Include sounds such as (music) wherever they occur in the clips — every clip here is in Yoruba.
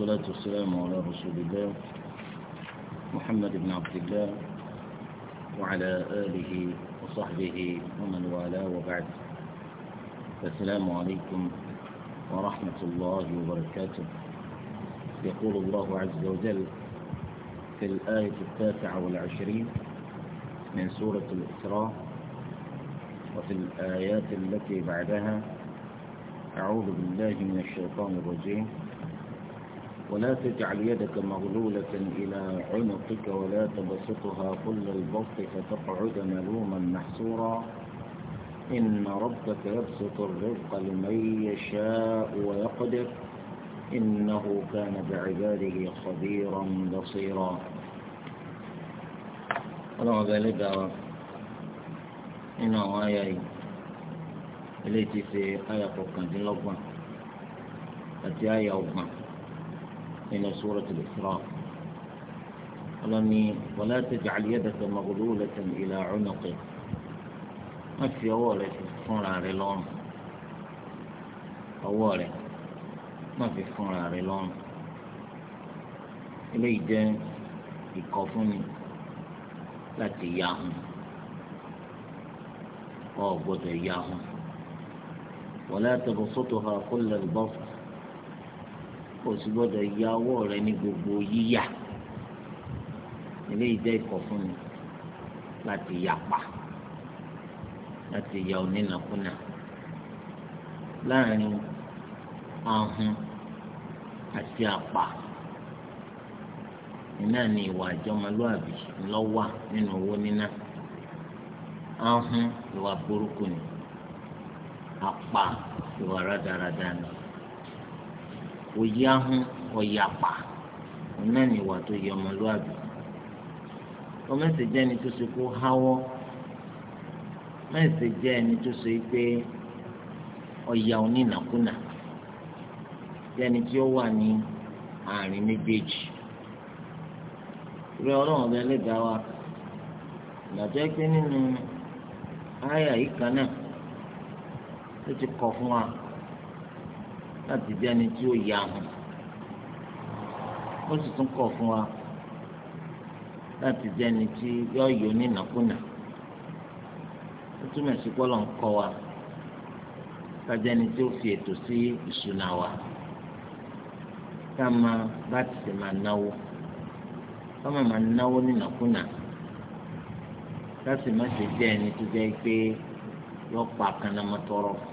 الصلاة والسلام على رسول الله محمد بن عبد الله وعلى آله وصحبه ومن والاه وبعد السلام عليكم ورحمة الله وبركاته يقول الله عز وجل في الآية التاسعة والعشرين من سورة الإسراء وفي الآيات التي بعدها أعوذ بالله من الشيطان الرجيم ولا تجعل يدك مغلولة إلى عنقك ولا تبسطها كل البسط فتقعد ملوما محسورا إن ربك يبسط الرزق لمن يشاء ويقدر إنه كان بعباده خبيرا بصيرا الله ذلك إنه آية التي في آية قرآن eléyìí ti ṣe àyà kọkàndínlọ́gbọ̀n من سورة الإسراء ولم ولا تجعل يدك مغلولة إلى عنقك ما في أولى في على للون أولى ما في سخون على للون إلي جاء يكفني لا تياهم أو بدياهم ولا تبسطها كل البسط kò sì gbọ́dọ̀ ya ọwọ́ rẹ ní gbogbo yíyà eléyìí jẹ́ ìkọ̀ fún mi láti yapa láti ya onínàkúnà láàrin ahun àti àpà iná ni ìwà àjọmọlúàbí lọ́wà nínú owó níná ahun ìwà burúkú ni àpà ìwà rádaràda ni. kò yáhùn ọ̀yàpà òun náà ní ìwà tó yẹ ọmọlúwàbí ọmọọ̀sẹ̀ jẹ́ ẹni tó ṣe kó háwọ́ mẹ́sẹ̀ jẹ́ ẹni tó ṣe pé ọ̀yà onínàkúnà jẹ́ ẹni tí ó wà ní àárín méjèèjì rẹ ọlọ́run ọ̀bẹ ẹlẹ́dàá wa ìgbàjọ́ pé nínú àyà yìí kan náà ó ti fún wa. láti jẹ́ ẹni tí ó yà hàn ó sì tún kọ̀ fún wa láti jẹ́ ẹni tí yọ yọ nínàkúnà ó túmọ̀ sí pọ́lọ̀ ń kọ́ wa kájẹ́ ẹni tí ó fi ètò sí ìṣúná wa ká máa bá ti sì máa náwó ká máa máa náwó nínàkúnà ká sì má ṣe jẹ́ ẹni tó jẹ́ pé yọ pa kanamọ́tọ́rọ́ fún.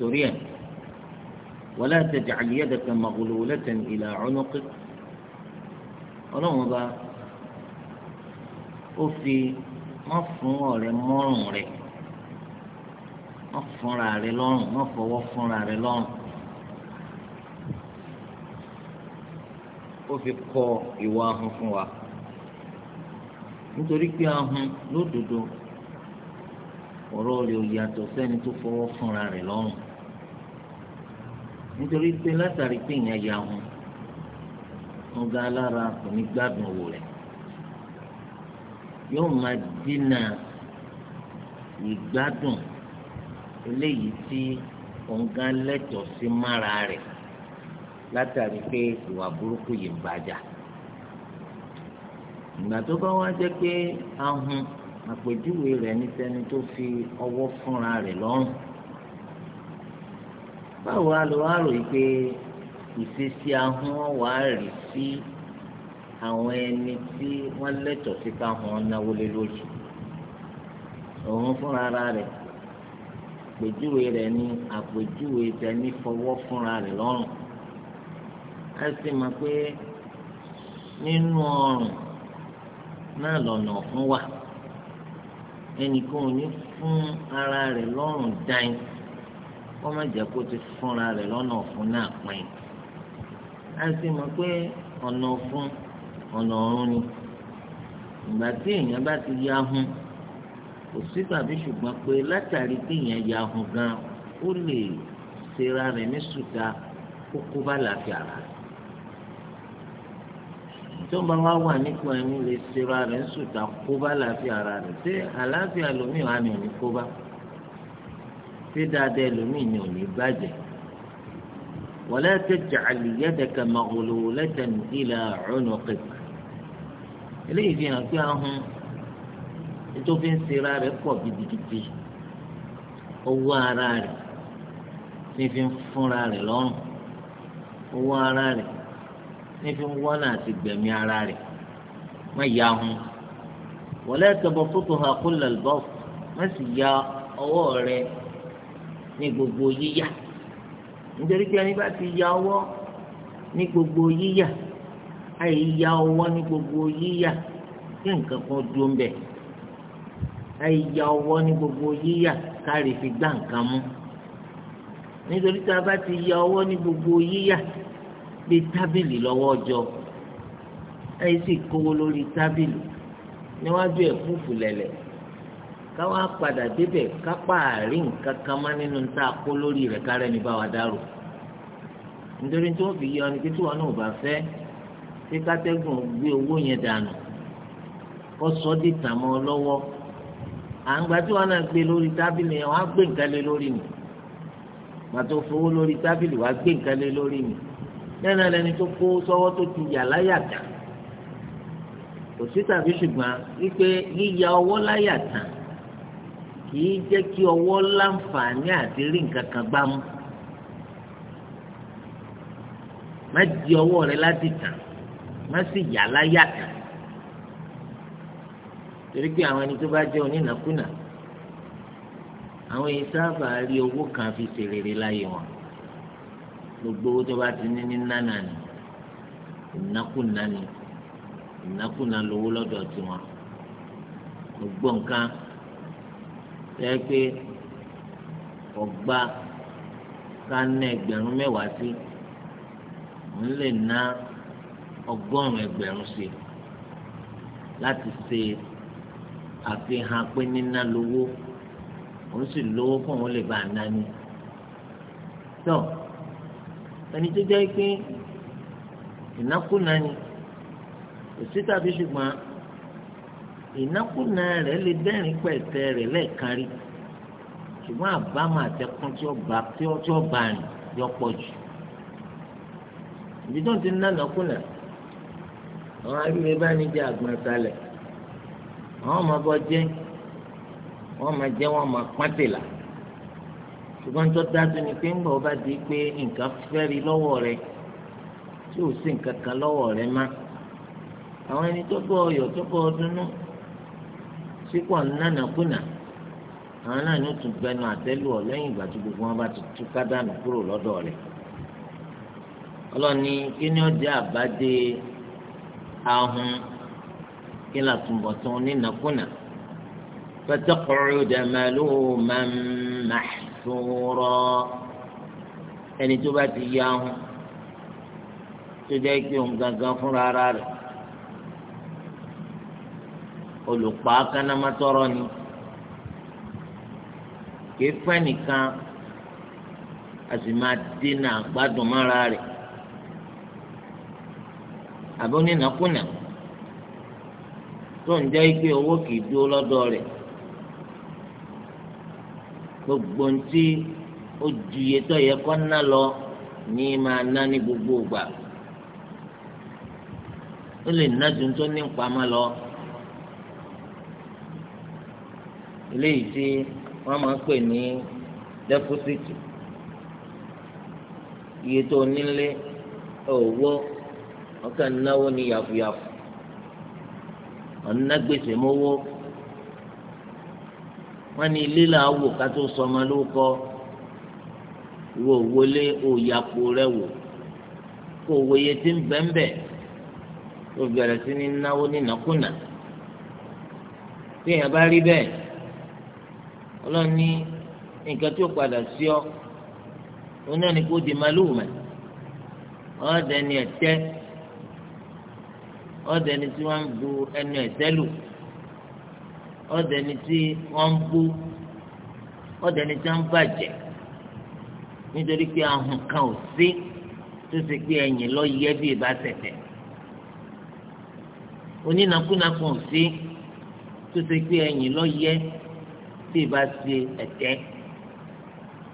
torí ẹ̀ wala taj'al yadaka maghlulatan ila 'unuqik ọlọ́run ọba ó fi wọ́n fún ọ̀rẹ́ mọ́rùn rẹ̀ wọ́n fúnra rẹ̀ lọ́rùn wọ́n fọwọ́ fúnra rẹ̀ lọ́rùn ó fi kọ ìwà ahun fún wa nítorí pé ahun lódodo ọ̀rọ̀ rẹ̀ ò yàtọ̀ sẹ́ni tó fọwọ́ fúnra rẹ̀ lọ́rùn nítorí pé látàrí pé ìyẹn ya wọn wọn ga alára kò ní gbádùn owó rẹ̀ yóò máa dínà ìgbádùn eléyìí tí òǹgá lẹ́tọ̀ọ́ sí mára rẹ̀ látàrí pé ìwà burúkú yìí ń bàjá ìgbà tó bá wá jẹ́ pé ahun àpèjúwe rẹ̀ ní sẹ́ni tó fi ọwọ́ fúnra rẹ̀ lọ́rùn báwo wá lọ wá rò yìí pé ìṣesí ahọ́n wà á rì sí àwọn ẹni tí wọ́n lẹ́tọ̀ọ́ sí káwọn náwó lé lórí òun fúnra ara rẹ̀ àpèjúwe rẹ̀ ní àpèjúwe tẹ̀mí fọwọ́ fúnra rẹ̀ lọ́rùn ẹ sì mọ̀ pé nínú ọrùn náà lọ́nà ọ̀fun wà ẹnìkan ò ní fún ara rẹ̀ lọ́rùn dáin kọ́ má jẹ́ kó ti fúnra rẹ̀ lọ́nà ọ̀fun náà pín in á sì mọ̀ pé ọ̀nà ọ̀fun ọ̀nà ọ̀run ni ìgbà tí èèyàn bá ti ya hun kò sí tàbí ṣùgbọ́n pé látàrí tí èèyàn ya hun gan ó lè ṣera rẹ̀ ní sùta kó kó bá làáfíà rà tó bá wá wà nípò ẹni lè ṣera rẹ̀ ní sùta kó bá làáfíà rà rẹ̀ ṣé àlàáfíà lómi wà ní kó bá ṣé dáadáa ẹlòmíì ni ò ní bàjẹ́ wala taj'al yadaka maghlulatan ila 'unuqik eléyìí fi hàn pé ahun ètò fi ń sera rẹ̀ pọ̀ gidigidi owó ara rẹ̀ ní fi ń fúnra rẹ̀ lọ́rùn owó ara rẹ̀ ní fi ń wọ́nà àti gbẹ̀mí ara rẹ̀ má ya hun wala tabsutuha kullal bast má sì ya ọwọ́ rẹ̀ ní gbogbo yíyà nítorí pé ẹni bá ti ya ọwọ́ ní gbogbo yíyà àyè ya ọwọ́ ní gbogbo yíyà kí nǹkan kan dúró ń bẹ̀ àyè ya ọwọ́ ní gbogbo yíyà kárí fi gbá nǹkan mú nítorí tá a bá ti ya ọwọ́ ní gbogbo yíyà bí tábìlì lọ́wọ́ jọ àyè sì kówó lórí tábìlì níwájú ẹ̀ fúfú lẹ̀lẹ̀ káwá padà débẹ̀ kápá àárín nǹkan má nínú a kó lórí rẹ̀ kárẹ́ ní dárò nítorí tí wọ́n fi yọ ni pé wọn náà bá fẹ́ ṣé kátẹ́gùn gbé owó yẹn dànù kó sọ di tàmọ́ lọ́wọ́ à ń gba tí wọn náà gbé lórí tábìlì yẹn wọn á gbé nǹkan lé lórí mi pàtó fowó lórí tábìlì wọn á gbé nǹkan lé lórí mi kìí jẹ́ kí ọwọ́ láǹfààní àti rí nǹkan kan gbá mú má di ọwọ́ rẹ láti tàn má sì yà láyà tàn torí pé àwọn ẹni tó bá jẹ́ onínàkúnà àwọn èyí sábà rí owó kan fi ṣèrèrè láyé wọn gbogbo owó tó bá ti ní ní nánà ni ìnákúnà ni ìnákúnà lówó lọ́dọ̀ tiwọn gbogbo nǹkan yẹ pé ọgbà ká ná ẹgbẹ̀rún mẹ́wàá sí ń lè ná ọgọ́rùn-ún ẹgbẹ̀rún sí láti ṣe àfihàn pé níná lówó òun sì lówó fún òun lè bá a ná ni. tó ẹni tó jẹ́ pé ìnákúnà ni kò sí tàbí ṣùgbọ́n. ìnákúnà rẹ̀ lè dẹ́rìn pẹ̀tẹ́ rẹ̀ lẹ́ẹ̀kan ṣùgbọ́n àbámu àtẹkùn tí ọba tí ọba rìn yọ pọ̀ jù ìdí tó ń ti ná nàkúnà àwọn aríwé bá ní jẹ àwọn ọmọ bọ jẹ́ wọn máa máa pátìlà ṣùgbọ́n tó dájú ni pé ńgbà di pé nǹkan lọ́wọ́ rẹ tí ò sí nǹkan kan lọ́wọ́ sípò nánàkúnà àwọn náà ní tún gbẹnu àtẹ́lù ọ lẹ́yìn ìgbà tí gbogbo wọn bá ti tú kádàánù kúrò lọ́dọ̀ rẹ̀ ọlọ́ni kí ni ó jẹ́ àbádé ahun kí ni àtúbọ̀tán onínàkúnà فتقعد ملوما محسورا ẹni tó bá ti yá ahun tó jẹ́ pé òun gangan fúnra ara olùpá kánámátọ́rọ́ ni kìí pẹ́ nìkan a sì máa dínà gbádùn mọ́ra rẹ̀ àbí onínàkúnà tó ń jẹ́ pé owó kìí dúró lọ́dọ̀ rẹ̀ gbogbo ntí ó ju iye tó yẹ kó ná lọ ní máa ná ní gbogbo ìgbà ó lè ná ju tó ní pamọ́ lọ. eléyìí tí wọ́n máa ń pè ní dẹ́pọ́sìtì iye tó nílé owó ọkàn náwó ní yàfùyàfù ọ̀nà mówó wọ́n ní ilé là ká tó sọmọ lórúkọ ìwọ òwòlé òyàpò rẹ wò kó tí ń bẹ́ńbẹ́ tó bẹ̀rẹ̀ sí ní náwó nínàkúnà tí èèyàn bá rí bẹ́ẹ̀. ọlọ́run ní nǹkan tí ó padà sí ọ òun náà ní kó di màlúù mẹ́ ọ̀ọ́dẹ ni ẹ̀tẹ́ ọ̀ọ́dẹ ni tí wọ́n ń bu ẹnu ẹ̀tẹ́ lù ọ̀ọ́dẹ ni tí wọ́n ń bú ọ̀ọ́dẹ ni tí wọ́n ń bàjẹ́ nítorí pé ahùn kan ò sí tó ṣe pé ẹ̀yìn lọ yẹ bí ìbá tẹ̀tẹ̀ onínàkúnà ò sí tó ṣe pé ẹ̀yìn lọ yẹ tí ì bá ṣe ẹ̀tẹ́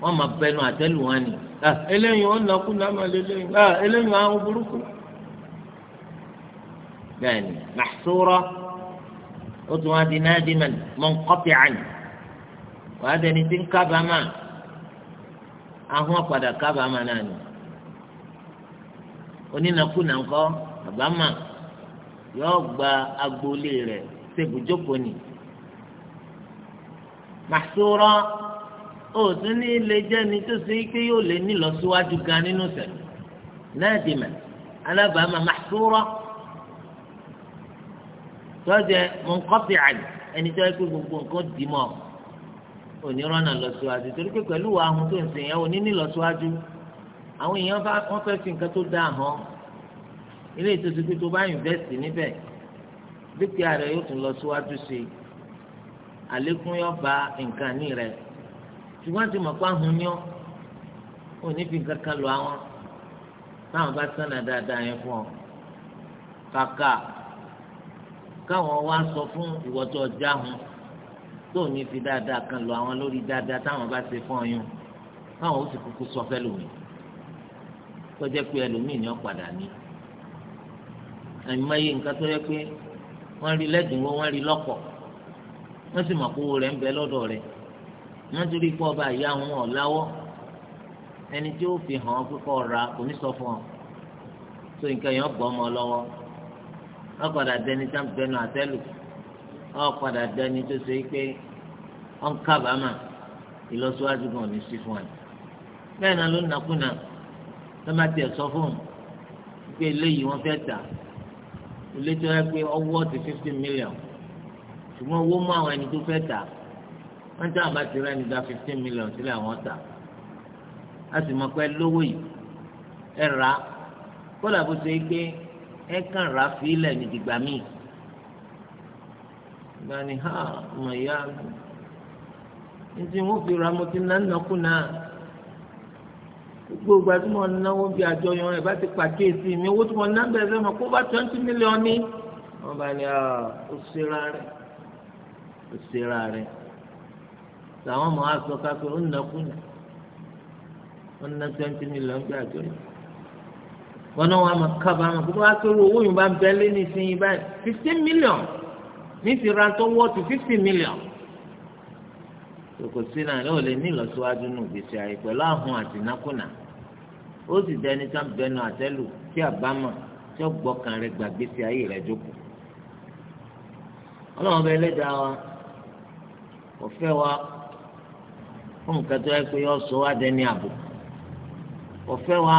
wọ́n máa bẹnu àtẹ́lù wọn ni eléyìí ó nàkú náà máa lé eléyìí eléyìí àwọn burúkú bẹ́ẹ̀ni mahsura ó tún wá di nadiman munqati'an wàá dẹni tí ń kábàámà ahọ́n padà kábàámà náà ni onínàkúnà ńkọ́ àbámà yóò gba agboolé rẹ̀ ṣèbùjókòó nìyí màṣúrọ òtún ní ilé jẹni tó ṣe pé yóò lè nílọsíwájú gan nínú sẹlẹ náà dìmẹ alábàámà màṣúrọ tọjẹ mọkọtì àyè ẹni tó yẹ kó gbogbo nǹkan dì mọ onírànà lọsíwájú torí pé pẹ̀lú àwọn tó ń sìn yẹn òní nílọsíwájú àwọn èèyàn bá wọn fẹẹ fi nǹkan tó dáa hàn ilé ìtòsí pé tó bá invest níbẹ̀ dúkìá rẹ yóò tún lọ síwájú sí i àlékún yọ ba nǹkan ní rẹ ṣùgbọ́n ti mọ̀ pé ahun ni ọ́ ò ní fi nǹkan kan lọ àwọn táwọn bá sànà dáadáa yẹn fún ọ kàkà káwọn wá sọ fún ìwọ́tọ̀ ọjà hun tó ní fi dáadáa kan lọ àwọn lórí dáadáa táwọn bá ṣe fún ọyún káwọn ó sì kúkú sọ fẹ́ lómi tó pé ẹlòmíì ni ó padà ní àìmọye nǹkan tó yẹ pé wọ́n rí lẹ́dínwó wọ́n rí lọ́pọ̀. wọ́n sì mọ̀ pé owó rẹ̀ ń bẹ lọ́dọ̀ rẹ̀ wọ́n torí pé ọba ìyá wọn ò ẹni tí ó fi hàn ra fún ọ tó nǹkan yẹn gbọ́ ọmọ lọ́wọ́ wọ́n padà dẹni tá ń bẹnu àtẹ́lù wọ́n padà dẹni tó ṣe pé wọ́n kábàámà ìlọsíwájú gan ní sí fún ẹ bẹ́ẹ̀ náà ló ń ṣùgbọ́n owó mú àwọn ẹni tó fẹ́ tà wọ́n tí àwọn bá ti rẹ́ni gba fifteen million sílẹ̀ àwọn tà á sì mọ pé lówó yìí ẹ rà á kódà bó ṣe pé ẹ kàn rà á fi ilẹ̀ ní dìgbà míì ìgbà ni ha ọmọ ìyá mi ní tí wọ́n fi ra mo ti ná nàkúnà gbogbo ìgbà tí mo náwó bí àjọyọ̀ ẹ̀ bá ti pàkíyèsí mi owó tí mo ná bẹ̀rẹ̀ fẹ́ mọ̀ kó bá twenty million ní wọ́n bá ní ọ ṣe rárẹ̀ òṣèrà rẹ̀ làwọn ọmọ wa sọ káfí ó nà kúnà ó nà twenty million gbé àjọ yìí wọn náà wàá máa kábàá máa kó wàá kéré owó yìí bá bẹ lé ní ìsinyìí báyìí fifteen million ní ti ra tó wọ́ọ̀tù fifty million kòkòsí náà yóò lè ní ìlọsíwájú nù gbèsè àyè pẹ̀lú àhùn àti nákùnà ó sì dẹni tán bẹnu àtẹ́lù tí àbámọ̀ tí ó gbọ́kàn rẹ̀ gbàgbèsè ayé rẹ̀ jókòó ọlọ́run bẹ lẹ́dàá wa. kò fẹ́ wa fún nǹkan tó pé yọ sọ wá dẹni àbò kò wa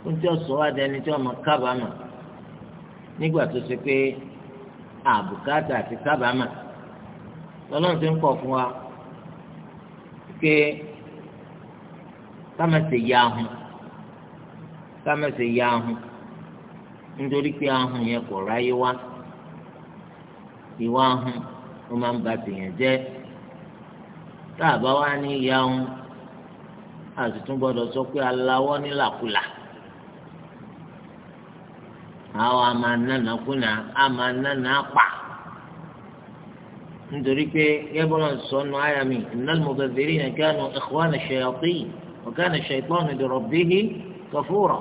fún tí yọ sọ wá tí ọmọ kábàámà nígbà tó ṣe pé àbùkátà àti kábàámà ti ń pọ̀ fún wa pé ya ahùn ahùn nítorí pé ahùn yẹn ráyé tá a bá wá ní yaun a sì tún gbọ́dọ̀ sọ pé aláwọ nílàkulà àwọn a máa nánà kùnà a máa nánà pa nítorí pé yẹ́bọ́lá sọnù àyà mi innal mubadhirina kanu ikhwana shayatin wa kana shaytanu li rabbihi kafura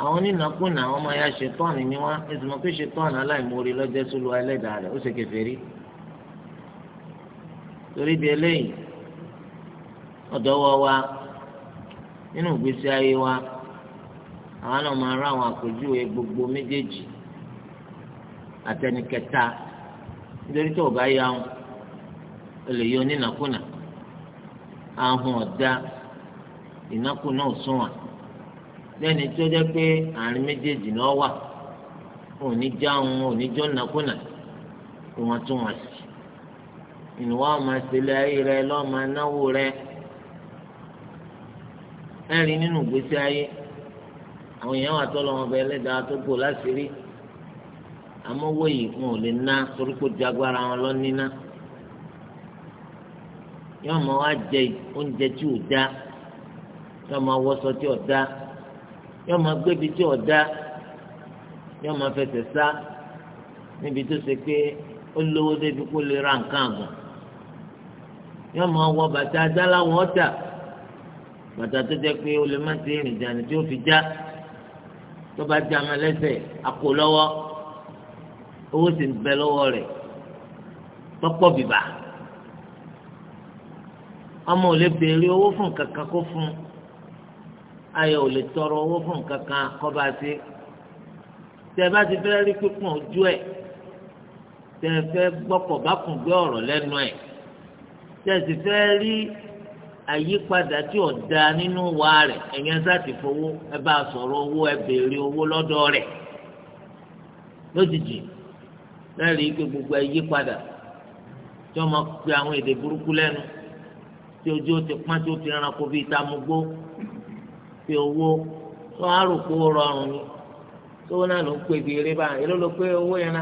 àwọn onínàkùnà ọmọ ya ṣetán ni wọ́n ẹ̀sìn pé ṣetán aláìmoore lọ́jọ́ sólù ẹlẹ́dàá ó ṣe kèfèrí. torí di eléyìí ọ̀dọ́wọ́ wa nínú ìgbésí ayé wa àwọn náà máa rán àwọn àpèjúwe gbogbo méjèèjì àtẹnikẹta nítorí tó o bá yá wọn o lè yọ onínàkúnà ahun ọ̀dá ìnákúnà òṣùwọ̀n lẹ́ni tó jẹ́ pé àárín méjèèjì náà wà òní jáun òní jọ́nàkúnà ìwọ̀ntúnwọ̀nsì. ìnùwà ọmọ ìṣẹ̀lẹ̀ ayé rẹ lọmọ náwó rẹ ẹrin nínú ìgbésí ayé àwọn èèyàn wà tọ́lọ́ wọn bẹ ẹlẹ́dàá tó gbò láṣìírí àmọ́ yìí wọn ò lè ná torí kó di agbára wọn lọ níná yóò máa wá jẹ oúnjẹ tí ò dáa yóò máa wọṣọ tí ò dáa yóò máa gbébi tí ò dáa yóò máa fẹsẹ̀ níbi tó ṣe pé ó lówó débi kó lè ra nǹkan àgùn yóò máa wọ bàtà ajá láwọn ọ̀tà bàtà tó jẹ́ pé o lè má ti rìn jàǹdí tí ó fi já tó bá já ma lẹ́sẹ̀ àpò lọ́wọ́ owó sì ń bẹ lọ́wọ́ rẹ̀ tọ́pọ̀ bìbà ọmọ ò lè béèrè owó fún kankan kó fún ayọ̀ ò lè tọrọ owó fún kankan kọ́ bá ṣe tẹ́ bá ti fẹ́ rí pípọ̀n ojú ẹ̀ tẹ́ fẹ́ gbọ́kọ̀ bá kùn gbé ọ̀rọ̀ lẹ́nu ẹ̀. tẹ̀sí fẹ́ rí àyípadà tí ò da nínú wa rẹ̀ ẹ̀yẹn sáti fowó ẹ a sọ̀rọ̀ owó ẹ béèrè owó lọ́dọ̀ rẹ̀ lójijì lẹ́rìí ike gbogbo àyípadà tí wọ́n máa pe àwọn èdè burúkú lẹ́nu tí ojú ti pọ́n tí ó ti rán kó bíi tamugbó fi owó tó á rò rọrùn ni tó náà ló ń pè bíi eré báyìí ló pé owó yẹn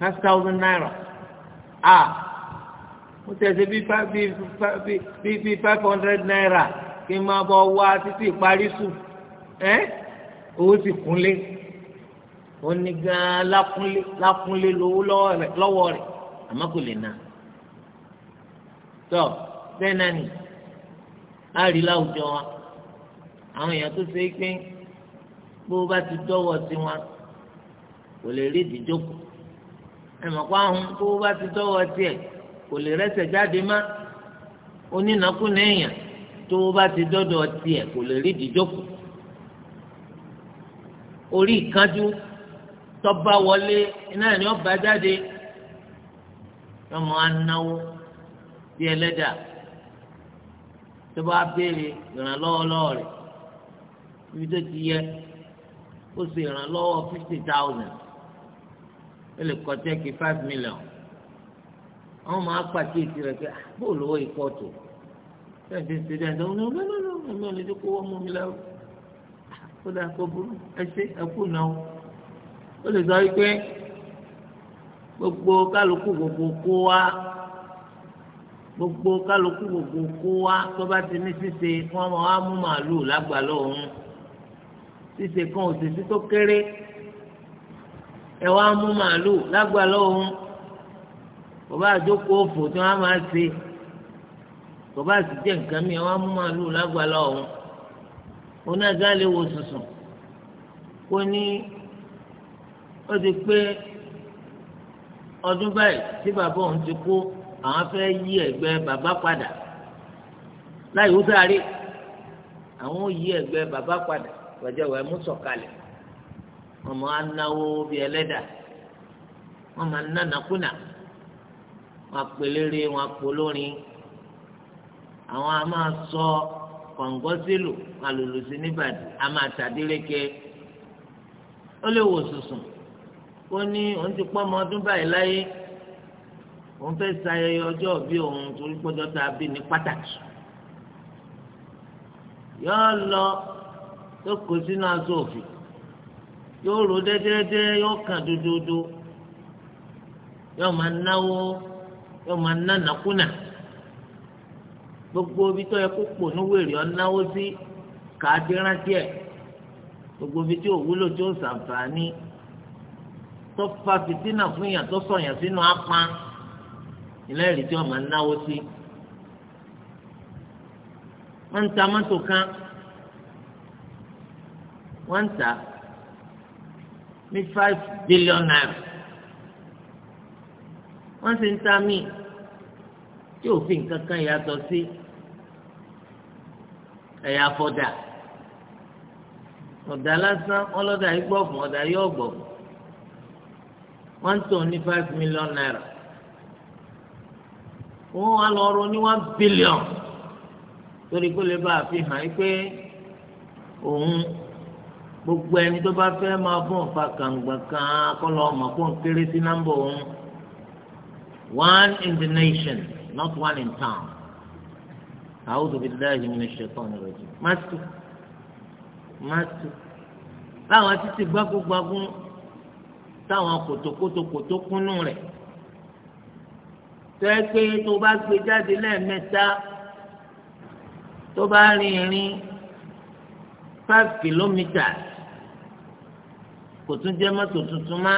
five thousand naira ah mo tẹ̀ ṣe bíi five hundred naira kí n máa bọ̀ wá títí ìparí sùn ẹ́ owó ti kúnlé ó ní gan-an lákúnlé lákúnlé lówó lọ́wọ́ rẹ̀ àmọ́ kò lè ná tọ́ bẹ́ẹ̀ náà nì á rí láwùjọ wa àwọn èèyàn tó ṣe é pé bó bá ti dọ́wọ́ sí wọn kò lè rí ìdíjókòó. ẹ̀mọ̀kọ́ ahun tó bá ti dọ́wọ́ tiẹ̀ kò lè rẹ́sẹ̀ jáde má onínàkúnà èèyàn tó bá ti dọ́dọ̀ tiẹ̀ kò lè rí ori orí ìkánjú tọ́ba wọlé náà ni ọba jáde ọmọ anáwó di ẹlẹ́dà tó béèrè ìrànlọ́wọ́ lọ́wọ́ rẹ̀ ibi tó ti yẹ ó sì ìrànlọ́wọ́ fifty thousand. ó lè kọ chẹ́ẹ̀kì five million àwọn máa pàkíyèsí rẹ̀ pé ah, bóòlù owó ikọ̀ tó bẹ́ẹ̀ ti ń ṣe dáadáa ó ní ọ̀nà ọ̀nà ọ̀nà ọ̀nà ọ̀nà kó wọ́n mú mi lẹ́rù kó ah, dáa kó burú ẹ ṣe ẹ kú náà ó lè sọ wípé gbogbo kálukú gbogbo kó wá gbogbo kálukú gbogbo kó wá tó bá ti ní ṣíṣe wọn máa wá mú màálù lágbàá lóhùn ṣíṣe kan òṣèṣì tó kéré ẹ wá mú màálù lágbà lọ́hùn bàbá àjókòó òfò tí wọ́n á máa ṣe bàbá àti jẹ́ nǹkan mi ẹ wá mú màálù lágbà lọ́hùn onájà lè wo sùsùn kó ní ó ti pé ọdún báyìí tí bàbá òun ti kú àwọn fẹ́ yí ẹ̀gbẹ́ bàbá padà láì wúsàárì àwọn yí ẹ̀gbẹ́ bàbá padà gbàjẹ́ wẹ̀ mú sọ̀kalẹ̀ wọn máa náwó bí ẹlẹ́dà wọn máa nánàkúnà wọn apelére wọn apolórin àwọn a máa sọ kọ̀ǹgọ́sílù alòlùsí níbàdí a máa tàdéléke ó lè wò sùsùn ó ní òun ti pọ́ ọmọ ọdún báyìí láyé òun fẹ́ ṣayẹyẹ ọjọ́ bí òun torí pọ́jọ́ tá a bí ní pàtàkì yọ lọ tó kó sínú aṣọ òfin yóò ro dẹ́dẹ́dẹ́ yóò kàn dododo yóò máa náwó yóò máa ná nàkúnà gbogbo ibi tó yẹ kó pò níwèrè ọ̀náwó sí kàádé rántí ẹ̀ gbogbo ibi tí ò wúlò tí ó ṣàǹfààní tó fa fìtínà fún yàn tó sọ̀yàn sínú apá ìlẹ́rìí tí wọ́n máa náwó sí. wọ́n ń ta mọ́tò kan wọ́n ń ta ní five billion naira wọ́n sì ń ta míì tí òfin kankan yàtọ̀ sí ẹ̀yà fọ́dà ọ̀dà lásán ọlọ́dà yìí gbọ́ fún ọ̀dà yìí ọ̀gbọ̀ wọ́n ń ní five million naira wọ́n wá lọ ọrọ̀ ní one billion torí kó lè bá a fi hàn yìí pé òun gbogbo ẹni tó bá fẹ́ máa bọ̀ nfa kàǹgbà kan kọ́ lọ mọ̀ kó n kéré sí nọ́mbà òun one in the nation not one in town a'udhu billahi minash shaitanir rajim má tù má tù láwọn títí gbágúgbágún táwọn kòtòkótòkòtò kúnnú rẹ̀ tẹ́ pé tó bá gbé jáde lẹ́ẹ̀mẹ́ta tó bá rìn rìn five kilometres kò tún jẹ́ mọ́tò tuntun má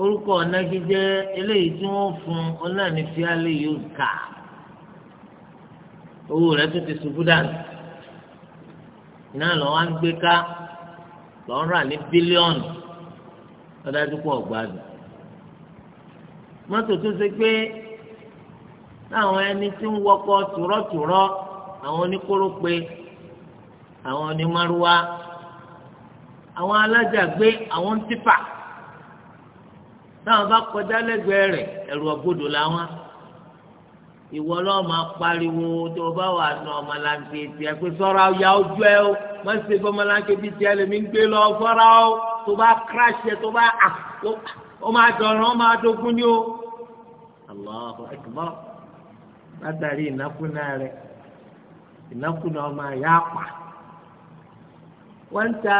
orúkọ ọ̀nàgíjẹ́ eléyìí tí wọ́n fún un náà ní fíálẹ̀ yóò kà owó rẹ̀ tó ti ṣubú dànù iná lọ wá ń gbé ká lọ ń rà ní bílíọ̀nù lọ́dájú pọ̀ gbádùn mọ́tò tó ṣe pé táwọn ẹni tí ń wọkọ̀ tùrọ̀tùrọ̀ àwọn oníkórópè àwọn onímárúwá àwọn alájàgbé àwọn ń tìfà táwọn bá kọjá lẹ́gbẹ̀ẹ́ rẹ̀ ẹ̀rù ọ̀gbọ́dọ̀ làwọn ìwọ náà máa pariwo tó o bá wà nù ọmọlanke tiẹ̀ pé ṣọ́ra ya ojú ẹ o má ṣe fún ọmọlanke bíi tiẹ̀ lèmi ń gbé lọ ṣọ́ra o tó bá kíráṣì ẹ tó bá à ó máa dọ̀rùn ó máa dogun ní o. Allahu akbar látàrí ìnákúná rẹ̀ ìnákúná ọmọ ya pa wọ́n ta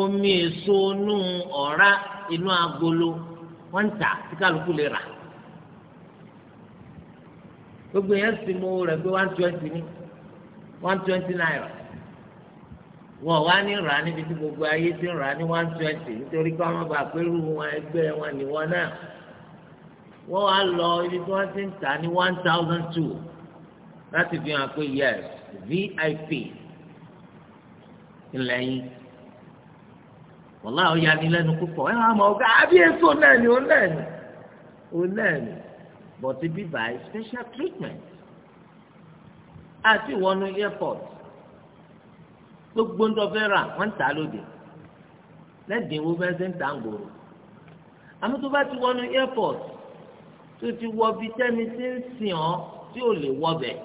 omi èso inú ọ̀rá inú agolo wọ́n ń tà tí kálukú lè rà gbogbo yẹn sì mú rẹ̀ pé one twenty ní one twenty naira wọ́n wá ní rà níbi tí gbogbo ayé ti rà ní one twenty nítorí pé wọ́n bá pẹ́rù wọn ẹgbẹ́ wọn ní wọn náà wọ́n wá lọ ibi tí wọ́n ti ń tà ní one thousand two láti fi hàn pé yes vip ńlẹ́yìn wọ́lá ó yà ní lẹ́nu púpọ̀ ẹ wà mọ̀ ọ̀gá àbí ah, èso náà ni ó náà ni ó náà ni but ibi báyìí special treatment àti ìwọ́nú airport gbogbo ń dọ́fẹ́ rà wọ́n ń tà lóde lẹ́dínwó bẹ́ẹ̀ ṣe ń tà ń gbòòrò àmọ́ tó bá ti wọ́nú airport tó ti wọ bí tẹ́ni ti ń sìn ọ́ tí ò lè wọ bẹ̀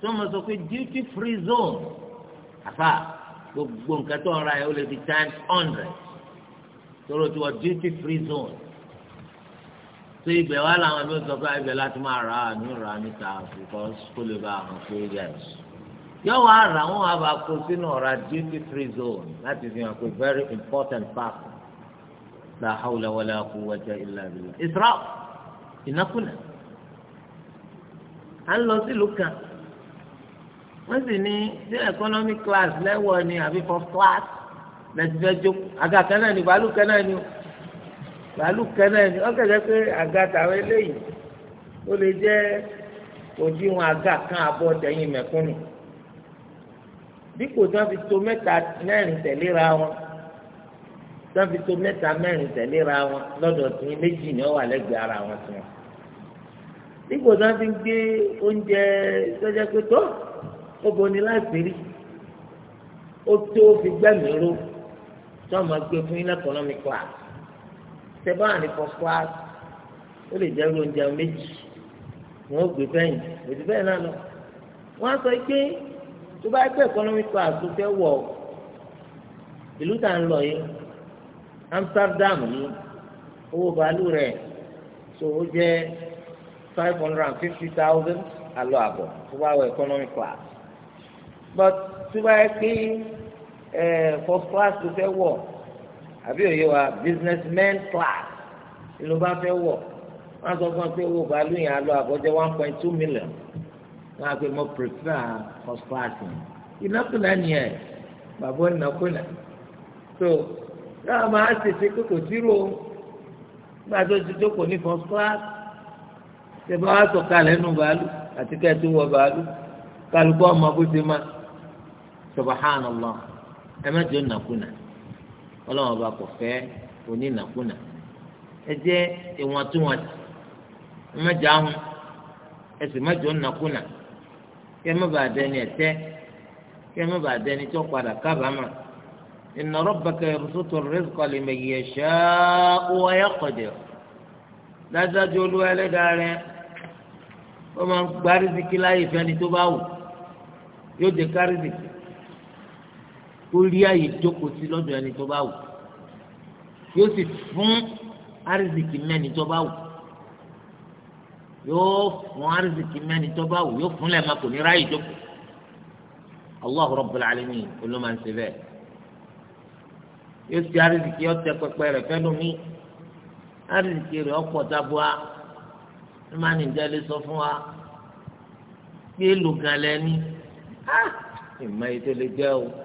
tó mọ̀ sọ pé duty free zone àfáà gbogbo nǹkan tó ń ra yẹn ó lè fi times hundred tóró tí duty free zone tó ibẹ̀ wá làwọn mi sọ pé ah, ibẹ̀ láti máa ra àánú ra níta because kó lè bá àwọn pé yes yóò wá rà wọ́n wá bá kó sínú ọ̀rá duty free zone láti fi hàn pé very important part la hawla wala quwwata illa billah israf inakuna. à ń lọ sílùú wọ́n sì ní ṣé economic class lẹ́wọ̀ ni àbí first class lẹ́tí fẹ́ àga kan ni bàálù kan ni bàálù kan ni wọ́n kẹ̀kẹ́ pé àga tàwọn eléyìí ó lè jẹ́ òdiwọ̀n àga kan àbọ̀ tẹ̀yìn mẹ̀kúnnù dípò tí wọ́n fi to mẹ́ta mẹ́rin tẹ̀léra wọn tí wọ́n fi to mẹ́ta mẹ́rin tẹ̀léra wọn lọ́dọ̀ tí méjì ni wọ́n wà lẹ́gbẹ̀ẹ́ ara wọn tí dípò tí wọ́n fi gbé oúnjẹ tó pé tó níbo ni láti rí ó tó fi gbẹ̀mí ró tí wọ́n máa gbé fún ilé economic class tẹ́bá ní first class ó lè jẹ́ oúnjẹ méjì wọ́n ó gbé fẹ́yìn òtí bẹ́ẹ̀ náà lọ. wọ́n á sọ pé tó bá gbé economic class tó fẹ́ wọ̀ ìlú tá à ń lọ yìí Amsterdam ní owó bàálù rẹ̀ tó ó jẹ́ five hundred and fifty thousand alọ́ àbọ̀ tó bá wọ economic class but tí wọ́n yẹ pé first class ló fẹ́ wọ̀ àbí òye wa businessman class ló bá fẹ́ wọ̀ wọ́n sọ fún ọ pé owó bàálù yẹn á lọ àbọ̀jẹ́ one point two million wọ́n á pè mọ́ prefer first class yẹn ìnákùnà nìyẹn bàbá ìnákùnà so náà máa tètè pé kò sírò nígbà tó ti tó kò ní first class ṣe bá wà sọ̀kalẹ̀ nù bàálù àti kẹ́ẹ̀tù wọ bàálù kálukọ́ ọmọ bó ṣe máa subhanallah ẹ má jẹ́ ònàkúnà ọlọ́run ọba kò fẹ́ onínàkúnà ẹ jẹ́ ìwọ̀ntúnwọ̀ntì ẹ má jẹ́ ahun ẹ sì má jẹ́ ònàkúnà kí ẹ má bàa dẹni ẹ̀tẹ́ kí ẹ má bàa dẹni tó padà kábàámà inna rabbaka yabsutu rizqa liman yasha'u wa yaqdir dájúdájú olúwa ẹlẹ́dàá rẹ ó máa ń tó bá wù yóò jẹ ká rìsíkì kó rí àyè jókòó sí lọ́dọ̀ ẹni tó bá wù yóò sì fún arizikì mẹ́ni tó bá wù yóò fún arizikì mẹ́ni tó bá wù yóò fún lẹ́ẹ̀ma kò ní ráyè jókòó Allahu Rabbul Alamin olómàǹsẹ̀ bẹ́ẹ̀ yóò sì arizikì ọ̀tẹ pẹpẹ rẹ̀ fẹ́ lómi arizikì rẹ̀ ọ̀pọ̀ tabua ní má ní sọ fún wa gbé lùgàlẹ́ ni ah ìmọ̀ ètò lè jẹ́ o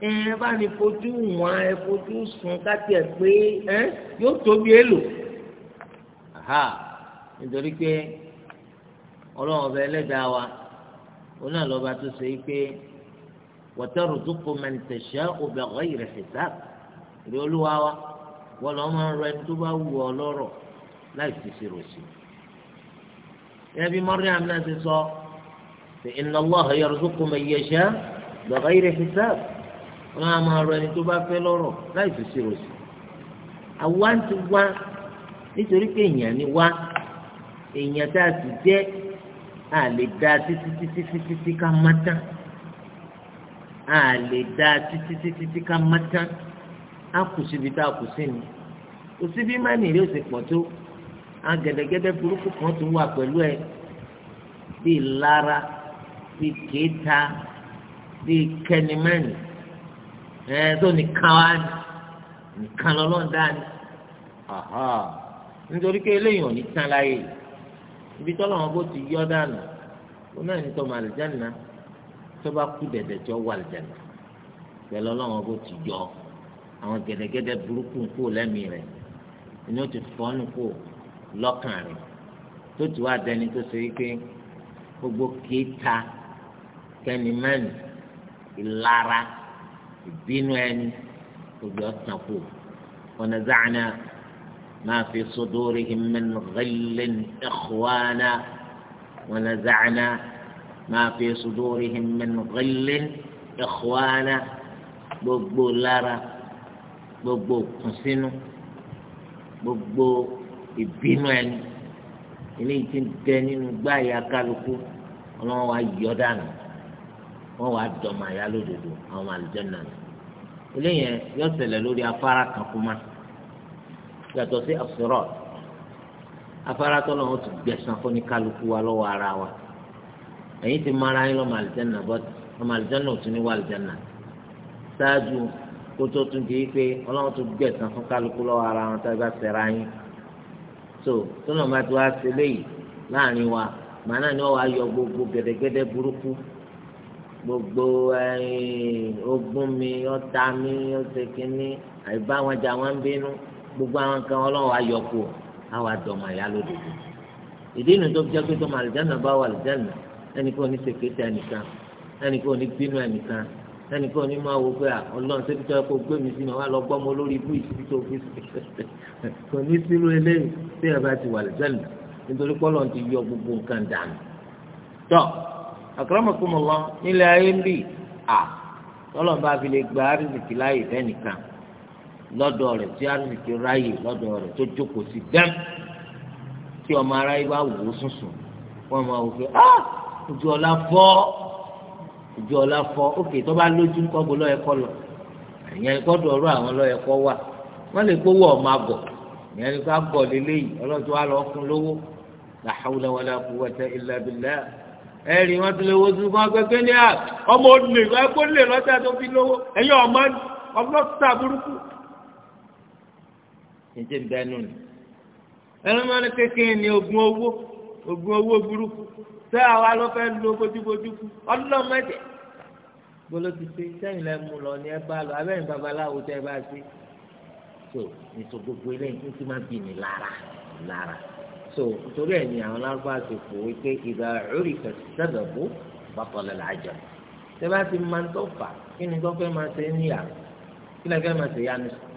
ẹ bá ní fojú wọn ẹ fojú sùn káti ẹ pé ẹ yóò tóbi èlò nítorí pé ọlọ́run ọba ẹlẹ́dàá wa òun náà lọ́ba tó ṣe é pé watarzuqu man tasha'u bighayri hisab ìrẹ́ olúwa wa wọ́n lọ́ máa ń rọ ẹni tó bá wù ọ lọ́rọ̀ láì fi ṣèrò sí i. ẹbí Maryam náà ti sọ inna Allaha yarzuqu man yasha'u bighayri hisab wọn á máa rọ ẹni tó bá fẹ́ lọ́rọ̀ láì fi ṣe òsì àwa ń ti wá nítorí pé èèyàn ni wá èèyàn tá a sì jẹ́ a lè dá títí títí títí tí ká má tán a lè dá títí títí tí ká má tán a kù síbi tá a kù sí ni kò síbi má nìyí ó sì pọ̀ tó agẹdẹgẹdẹ burúkú kan tó wà pẹ̀lú ẹ bíi lára bíi kéta bíi kẹnimẹ́nì ẹ tó nìkan wá ní nìkan lọ́lọ́run dá ní. nítorí pé eléyìí ò ní tán láyé ibi tọ́lọ̀ wọn bó ti yọ dànù ó náà ní tọmọ àlùjáná tó bá kú dẹ̀dẹ̀ tí ó wà àlùjáná pẹ̀lú ọlọ́run bó ti yọ àwọn gẹ́dẹ́gẹ́dẹ́ burúkú kú lẹ́mìí rẹ̀ ni ó ti fọ́nù kú lọ́kàn rẹ̀ tó ti wá dẹni tó ṣe wípé gbogbo kéta kẹ́ni mẹ́rin ìlara ìbínú ẹni gbogbo ونزعنا ما في صدورهم من غل إخوانا ونزعنا ما في صدورهم من غل إخوانا gbogbo lára gbogbo kùnsínú gbogbo ìbínú ẹni eléyìí ti ń bẹ nínú gbáàyà kálukú ọlọ́run wa dànù wọ́n wàá dọ̀mọ àyà lódodo àwọn àlùjànnà ni eléyẹn yóò ṣẹlẹ̀ lórí afárá kan fún ma yàtọ̀ sí àfúrọ̀ afárá tó lọ́wọ́ ti gbẹ̀sán fún ní kálukú wa lọ́wọ́ ara wa ẹ̀yin ti mara yín lọ́mọ àlùjànnà bọ́t ọmọ àlùjànnà ò tún ní wà àlùjànnà ṣáájú kótó tún di pé ọlọ́wọ́ tó gbẹ̀sán fún kálukú lọ́wọ́ ara wọn tá bá ṣẹ̀ra yín so tó lọ́mọ àti wá ṣe léyìí láàrin wa màá náà ni wọ́n wá yọ gbogbo gẹ́dẹ́gẹ́dẹ́ burúkú gbogbo ogun mi ọ̀tá mi ọsẹ kínní àìbá wọn jà wọn ń bínú gbogbo àwọn kan ọlọ́run ayọ̀kù àwọn àdọ̀mọ̀ àyà lódodo ìdí inú tó jẹ́ pé tó máa àlùjáná bá wà àlùjáná ẹnì kò ní sèkéte ẹnìkan ẹnì kò ní bínú ẹnìkan ẹnì kò ní máa wo pé ọlọ́run ṣé tó yẹ kó gbé mi sí mi wá lọ gbọ́ mo lórí ibú ìsìnkú tó fi (laughs) kò ní sírú eléyìí tí ẹ bá ti wà àlùjáná nítorí pé ti yọ gbogbo nǹkan dànù akramakumullah nílẹ̀ ayé ń bì à tọ́lọ̀ bá fi lè gba arísìkì láàyè fẹ́nìkan lọ́dọ̀ rẹ̀ tí arísìkì ráàyè lọ́dọ̀ rẹ̀ tó jókòó sí dẹ́m tí ọmọ aráyé bá wò ó sùnsùn wọ́n máa wò pé ah ojú ọlá fọ́ ojú ọlá fọ́ òkè tó bá lójú ńkọ́ bó lọ́ọ́ ẹ̀kọ́ lọ ìyẹn gbọ́dọ̀ ọ̀rọ̀ àwọn lọ́ọ́ wà wọ́n lè gbówó ọmọ àgọ̀ ìyẹn ní ká gbọ̀ ọlọ́dún wa lọ́ọ́ fún lówó la hawla wala quwwata illa ẹ̀rì wọn ti lè wo sí wọn pẹ́pẹ́ ní à ọmọ olè ẹ̀kọ́ lè lọ́jà tó fi lówó ẹ̀yìn ọmọ ọlọ́sà burúkú. ìjẹ́ ìbẹ́nu ni ẹlẹ́mọ̀ọ́ni kékeré ni ogun owó ogun owó burúkú sẹ́ àwa ló fẹ́ lo bójúbójú kú ọlọ́mọdé gbọ́dọ̀ ti ṣe sẹ́yìn lẹ́ mú lọ ní ẹ bá lọ abẹ́yìn babaláwo tẹ́ ẹ bá ṣe. so ètò gbogbo eléyìí tó ti máa bì ní lára lára so nítorí ẹ̀ ní àwọn lárúbáwá ti pò wípé ìgbà orí kẹsìtẹ́bẹ̀bù bàtọ̀lẹ̀ làjà tẹ́ bá ti máa ń tọ́ fà kí ni tó fẹ́ máa ṣe ń yà kí ni fẹ́ máa ṣe yánu sùn.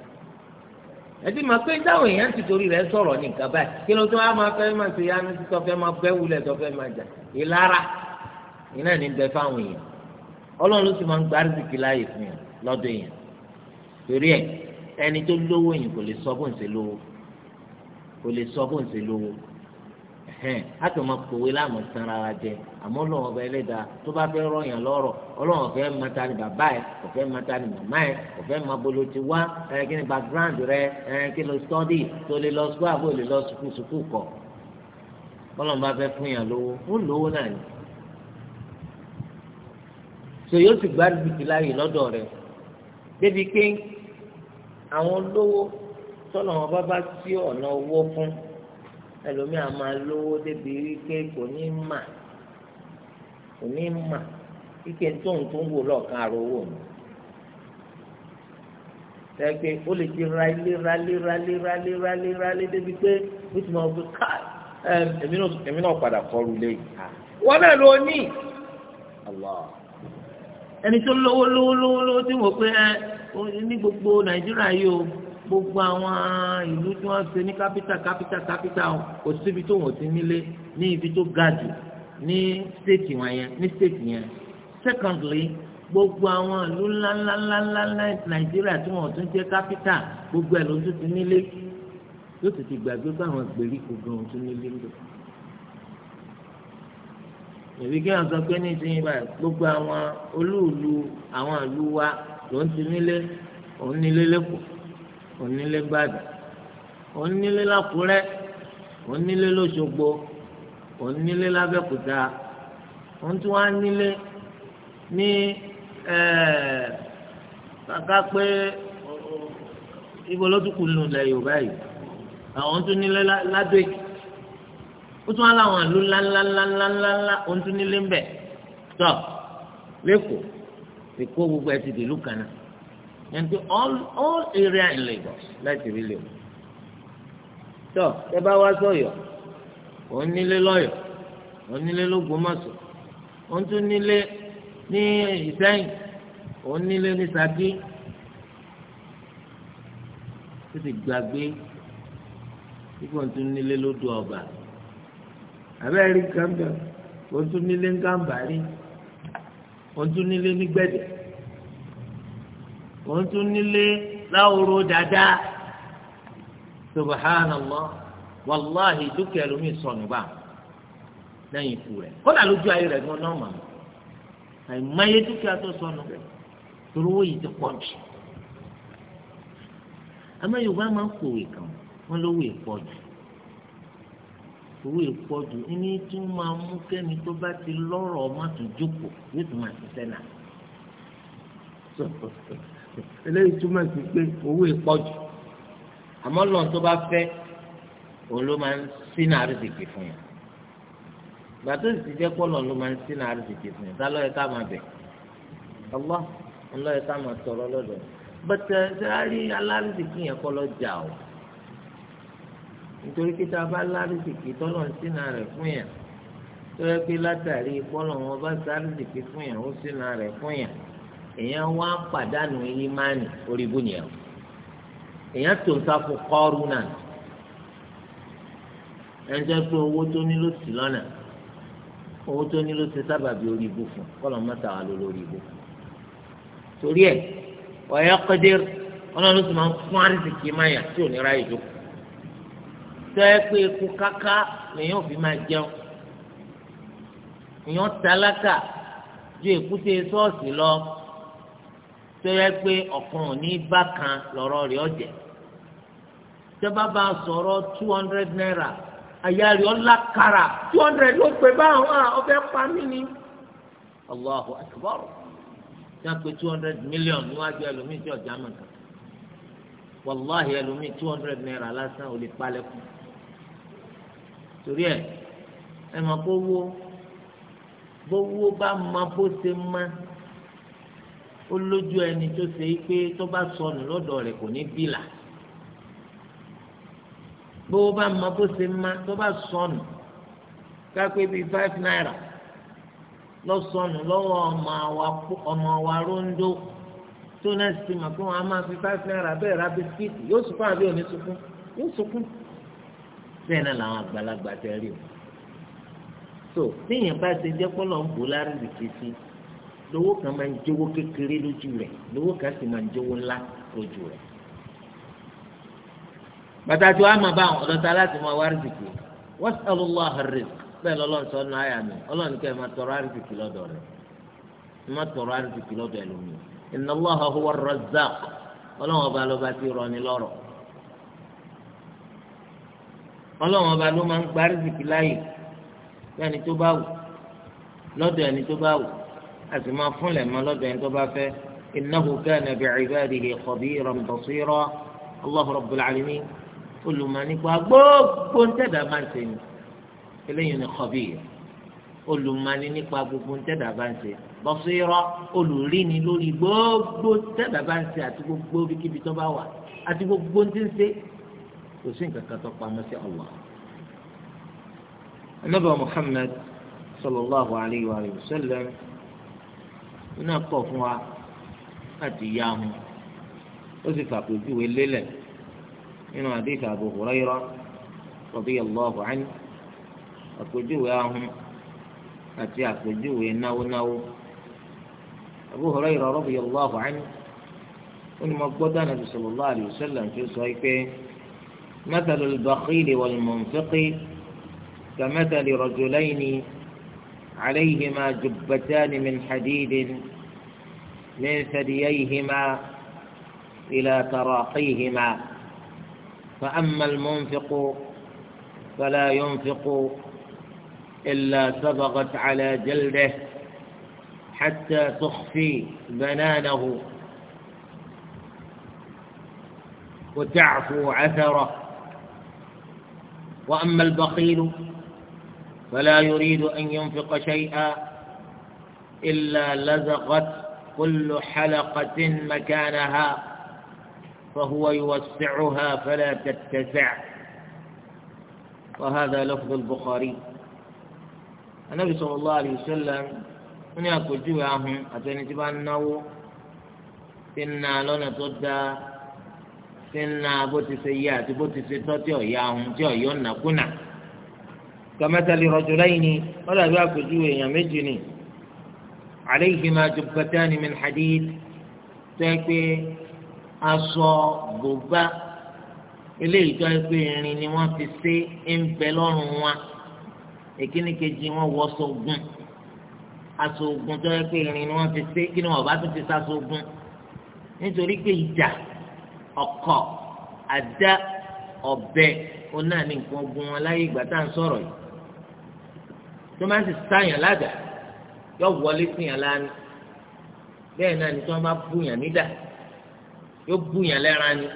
ẹtí máa pé táwọn èèyàn ti torí rẹ̀ sọ̀rọ̀ ní nǹkan báyìí kí ló tó wá máa fẹ́ máa ṣe yánu sí tọ́fẹ́ máa bẹ́ wulẹ̀ tọ́fẹ́ máa jà ìlara iná ní bẹ fáwọn èèyàn ọlọ́run ló sì máa ń gbárí sí kíláyè fún yàn lọ́dọ̀ èèyàn torí ẹ̀ ẹni tó lówó yìí kò lè sọ bó ṣe lówó kò lè sọ bó ṣe lówó ẹ̀hẹ́n àti ọmọ kòwé láàmú sanra wa jẹ àmọ́ ọlọ́run ọba ẹlẹ́dàá tó bá fẹ́ rọ̀yàn lọ́rọ̀ ọlọ́run ọ̀fẹ́ mata ni bàbá ẹ̀ ọ̀fẹ́ mata ni màmá ẹ̀ ọ̀fẹ́ ma bolo ti wá ẹ̀ kí ni background rẹ ẹ̀ kí lo study tó lè lọ sukú àbò lè lọ sukú sukú kọ ọlọ́run bá fẹ́ fún yàn lówó ó lówó náà ni so yóò sì gbádùn ti láàyè lọ́dọ̀ rẹ débi pé àwọn olówó tọ́lọ̀ wọn bá bá sí ọ̀nà owó fún a máa lówó débi wípé kò ní mà ike tó ń wò lọ́ọ̀kan àrò mi tẹ́gbẹ́ ó lè ti ra ilé ra ilé ra ilé ra ilé ra ilé ra ilé débi pé ó ti máa gbé ká náà padà kọlu lé wọn náà lówó ní gbogbo àwọn ìlú tí wọ́n ṣe ní kápítà kápítà kápítà kò síbi tó wọ́n ti nílé ní ibi tó ga jù ní stéètì wọn yẹn ní stéètì yẹn secondly gbogbo àwọn ìlú ńláńláńláńlá nàìjíríà tí wọ́n tún jẹ́ kápítà gbogbo ẹ̀ ló tún ti nílé yóò tètè gbàgbé pé àwọn gbèríko gan tún nílé lò èmi kí wọn sọ pé ní ìsinyìí báyìí gbogbo àwọn olúùlú àwọn ìlú wa ló ń ti nílé òun nílé lẹ́kọ̀ọ́ onílé gbàdé onílé lákúrẹ́ onílé lóṣogbo onílé lábẹ́kúta wọ́n tún wá nílé ní kàkà pé ibo ló tún kù nù lẹ̀ yorùbá yìí àwọn tún nílé ládùé ó tún wá láwọn ìlú ńláńláńláńláńlá òun tún nílé ń bẹ̀ tọ́ lẹ́kọ̀ọ́ èkó gbogbo ẹ̀ ti dìlú and the all all area in Lagos láti rí lèmọ tó ẹ bá wá sọyọ òun nílé lọyọ òun nílé lÓgbómọ̀ṣọ́ òun tún nílé ní Ìsẹ́yìn òun nílé ní Ṣakí tó ti gbàgbé kíkọ́ tún nílé lódò ọba abẹ́rẹ́ rí kàmbá òun tún nílé ń kàmbá rí òun tún nílé ní gbẹ̀dẹ̀. òun tún nílé láwòrò dáadáa subhanallah wàláhì dúkìá lómi sọnù bá ikú rẹ̀ kódà lójú ayé rẹ̀ gan náà mà àìmọye dúkìá tó sọnù torí yìí ti pọ̀ jù àmọ́ yorùbá máa ń kan wọ́n lówó èpọ̀ jù owó èpọ̀ jù ẹni tí wọ́n máa mú tó bá ti lọ́rọ̀ ọmọ tó eléyìí túmọ̀ sí pé owó ìpọ́jù àmọ́ lọ́n tó bá fẹ́ òun ló máa ń sínú àrídìkì fún yàn ìgbà tó sì ti jẹ́ pọ́ lọ́n ló máa ń sínú àrídìkì fún yàn tá lọ́yẹ ká máa bẹ̀ ọlọ́ ọlọ́yẹ ká máa tọrọ lọ́dọ̀ bẹ́tẹ̀ sẹ́rárí eh, alárídìkì yẹn kọ́ lọ jà o nítorí pé tá a bá lárídìkì tọ́lọ̀ ń sínú rẹ̀ fún yàn tó yẹ pé látàrí pọ́lọ̀ wọn bá sárídìkì fún yàn ó sínú rẹ̀ fún yàn èèyàn wá pàdánù ìlímánì orí ibú nìyẹn èèyàn tó ń sáfù kọ́ọ̀rù náà ẹni tó ń pé owó tó ní ló sì lọ́nà owó tó ní ló ti sábàbí orí ibú fún kọ́lọ̀ mọ́ta wà lórí ibú torí ẹ̀ ọ̀yà kọ́dẹ́rù ọlọ́run ló sì máa ń fún àrísìkì máyà tí ò ní ráyè jókòó tọ́ pé eku káká lèyàn fi máa jẹun èèyàn tálákà ju èkúté ṣọ́ọ̀ṣì lọ tó yẹ pé ọ̀kan ò ní bákan lọ́rọ̀ rẹ̀ ọ̀jẹ̀ tẹ́bá bá sọ̀rọ̀ two hundred naira ayáàrí ọ̀la kara two hundred ló pè báwọn ọbẹ̀ ah, pa mí ni Allahu akbar yà pé two hundred million níwájú ẹlòmíì tí ọjà mọ̀ kan wàláhì ẹlòmíì two hundred naira lásán ò lè palẹ̀ kù torí ẹ ẹ mọ̀ kó wó bó wó bá ma bó ṣe máa ó lójú ẹni tó ṣe é pé tó bá sọnù lọ́dọ̀ rẹ̀ kò ní bìlà bó bá mọ bó ṣe má tó bá sọnù kápé bíi five naira lọ sọnù lọ́wọ́ ọmọ wa rondo tó náà sì mọ̀ pé wọ́n á máa fi five naira bẹ́ẹ̀ ra bisikíìtì yóò sunkún àbí òní sunkún yóò sunkún bẹ́ẹ̀ náà làwọn àgbàlagbà tẹ́ rí o so tíyẹn bá ṣe jẹ́ pọ́lọ́ ń bò lárúbìkì sí lówó kan máa ń jówó kékeré lójú rẹ̀ lówó kan sì máa ń jówó ńlá lójú rẹ̀ pàtàkì wa máa bá àwọn ọ̀dọ́ ta láti máa wá rìsìkì wọ́n sọ lọ́wọ́ àrèsì bẹ́ẹ̀ lọ́lọ́run sọ nù àyà mi ọlọ́run kẹ́ ẹ máa tọrọ àrìsìkì lọ́dọ̀ rẹ̀ ẹ máa tọrọ àrìsìkì lọ́dọ̀ ẹlòmíì inna Allaha huwa ar-razzaq ọlọ́run ọba ló bá ti rọni lọ́rọ̀ ọlọ́run ọba ló máa ń gba àti máa fúnlẹ̀ mọ́ lọ́dọ̀ ẹni tó bá fẹ́ innahu kana bi'ibadihi khabiran basira Allahu rabbul alamin olùmọ̀nípa gbogbo ń tẹ̀dá máa ń ṣe ni eléyìí ni khabir olùmọ̀ní nípa gbogbo ń tẹ̀dá bá ń ṣe basira olùrí ni lórí gbogbo tẹ̀dá bá ń ṣe àti gbogbo bíkíbi tó bá wà àti gbogbo ń ti ń ṣe kò sí nǹkan kan tó pamọ́ sí Allah. Ànábì Muhammad sallallahu alayhi wa sallam iná kọ̀ fún wa láti yá wọn ó sì fàpèjúwe lélẹ̀ nínú àdéhùn Abu Hurairah radiyallahu anhu àpèjúwe ahun àti àpèjúwe náwónáwó Abu Hurairah radiyallahu anhu ó ní mo gbọ́ dáná bí sallallahu alayhi wa sallam tó sọ pé mathalul bakhili wal munfiqi kamathali rajulayni. عليهما جبتان من حديد من ثدييهما إلى تراقيهما فأما المنفق فلا ينفق إلا سبغت على جلده حتى تخفي بنانه وتعفو عثره وأما البخيل فلا يريد أن ينفق شيئا إلا لزقت كل حلقة مكانها فهو يوسعها فلا تتسع وهذا لفظ البخاري النبي صلى الله عليه وسلم من يقول جواهم أتني تبانو إنا لنا تدى إنا بوتي سيئات بوتي سيئات يوياهم يوياهم kàmẹ́tàlì rajulaini wọ́n dàbí àpèjúwe èèyàn méjì ni alayhima jubbatani min hadid tó yẹ pé aṣọ bòbá eléyìí tó yẹ pé irin ni wọ́n fi ṣe ń bẹ lọ́rùn wa èkíní kejì wọn wọ sọgùn aṣọ ogun tó yẹ pé irin ni wọ́n fi ṣe kí ni wọ́n bá tún fi ṣe aṣọ ogun nítorí pé ìjà ọkọ àdá ọ̀bẹ onáà ní nǹkan ogun wọn láyé ìgbà tá à ń sọ̀rọ̀ yìí tó máa ń ti sáyàn ládàá yọ wọlé síyàn lánàá bẹ́ẹ̀ náà ni tí wọ́n bá búyàn nídà yóò búyàn lẹ́ran ni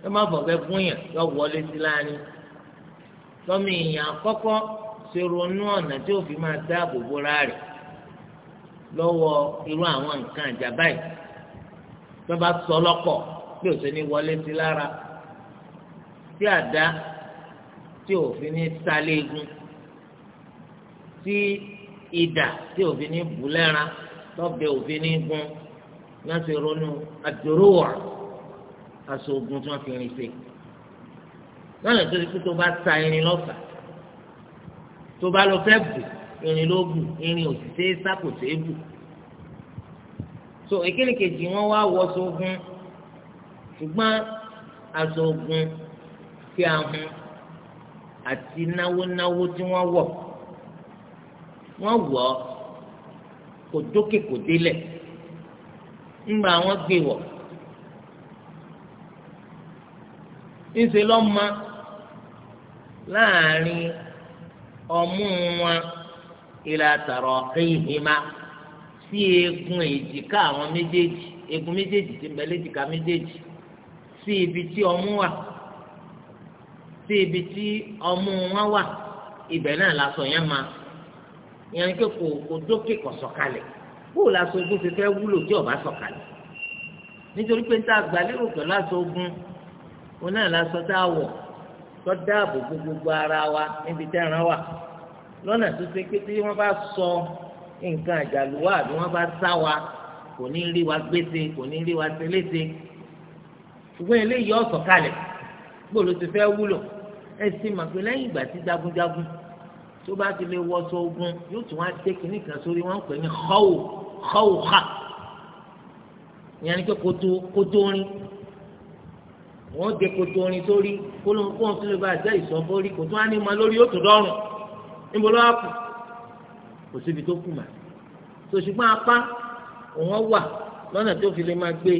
tó máa fọ̀fẹ́ búyàn yọ wọlé sí lánàá tọ́mi èèyàn àkọ́kọ́ ṣe ronú ọ̀nà tí ó fi máa dáàbò bóra rẹ̀ lọ́wọ́ irú àwọn nǹkan àjàbá yìí tó bá sọ lọ́kọ̀ bí ó ní wọlé sí lára tí àdá tí òfin ní sálé egun tí ìdà tí òfin ní bù lẹ́ran tọ́bẹ̀ òfin ní gun ní wọ́n ti ronú àdúrówà aṣọ ogun tí wọ́n fi rìn sí lọ́nà tó ti kú tó bá ta irin lọ́fà tó bá lọ fẹ́ bù irin ló bù irin ò sì bù so ìkíni kejì wọn wá wọ sógun ṣùgbọ́n aṣọ ogun tí a hun àti náwó náwó tí wọ́n wọ̀. wọ́n wọ̀ kò dókè kò délẹ̀ ńgbà wọ́n gbé wọ̀ ńṣe lọ́mọ láàrin ọmú wọn ìlà ìhìnmá sí eegun èjìká àwọn méjèèjì eegun méjèèjì ti bẹ̀lẹ́ èjìká méjèèjì sí ibi tí ọmú wà sí ibi tí ọmú wọn wà ibẹ̀ náà la yẹn máa. ìyẹn ni pé kò kò dókè kò sọ̀kalẹ̀ bó o la aṣọ ogun ṣe fẹ́ wúlò tí ọba sọ̀kalẹ̀ nítorí pé níta gbàlérò pẹ̀lú aṣọ ogun òun náà la sọ tá a wọ̀ tó dáàbò gbogbo ara wa níbi tẹ́ ẹran wà lọ́nà tó ṣe pé tí wọ́n bá sọ nǹkan àjàlù wa wọ́n bá sá wa kò ní rí wa gbèsè kò ní rí wa ṣẹlẹ́sẹ̀ ṣùgbọ́n eléyìí ọ̀sọ̀kalẹ̀ gbòòlù ti fẹ́ wúlò ẹ sì mà pé lẹ́yìn ìgbà tí jagunjagun tó bá ti lè wọṣọ ogun yóò tún wá dé kínní kan sórí wọn ń pè ní xawu xawu xa ìyẹn ni pé koto koto rin wọn dé koto rin sórí kólóńkóhùn tó lè bá jẹ ìsọfórí koto á ní ma lórí yóò tún dọrùn níbo ló wá kù kò síbi tó kù mà sòṣùgbọ́n apá òun wà lọ́nà tó fi lè máa gbé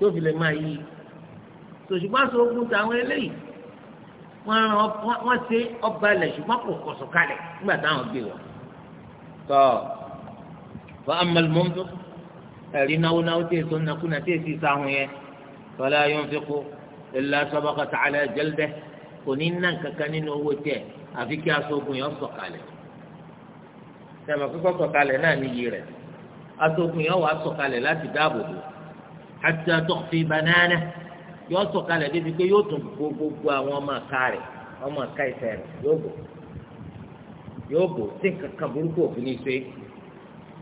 tó fi lè máa yí sòṣùgbọ́n aṣọ ogun tàwọn eléyìí wọ́n rán wọ́n ṣe ọba ilẹ̀ ṣùgbọ́n kò kọ̀sọ̀ kalẹ̀ nígbà táwọn gbé wọn. tọ́ fa amalmọ́ndó ẹ̀rí náwó náwó tí èso nàkúnà tí èsì sáhùn yẹn fọlá yóò fi kú ilà sọ́bàkà tààlẹ̀ jẹ́lẹ́dẹ́ kò ní ná kankan nínú owó tiẹ̀ àfi kí aṣọ ogun yẹn sọ̀kalẹ̀ tẹ̀mọ̀ kíkọ́ sọ̀kalẹ̀ náà níyì rẹ̀ aṣọ yẹn wà sọ̀kalẹ̀ láti dáàbò bò àti àtọ̀fin banana. yóò sọ̀kalẹ̀ débi pé yóò tún bo gbogbo àwọn ọmọ àka rẹ̀ ọmọ àka ìfẹ́ rẹ̀ yóò bò yóò bò tí kankan burúkú òfin ní ṣe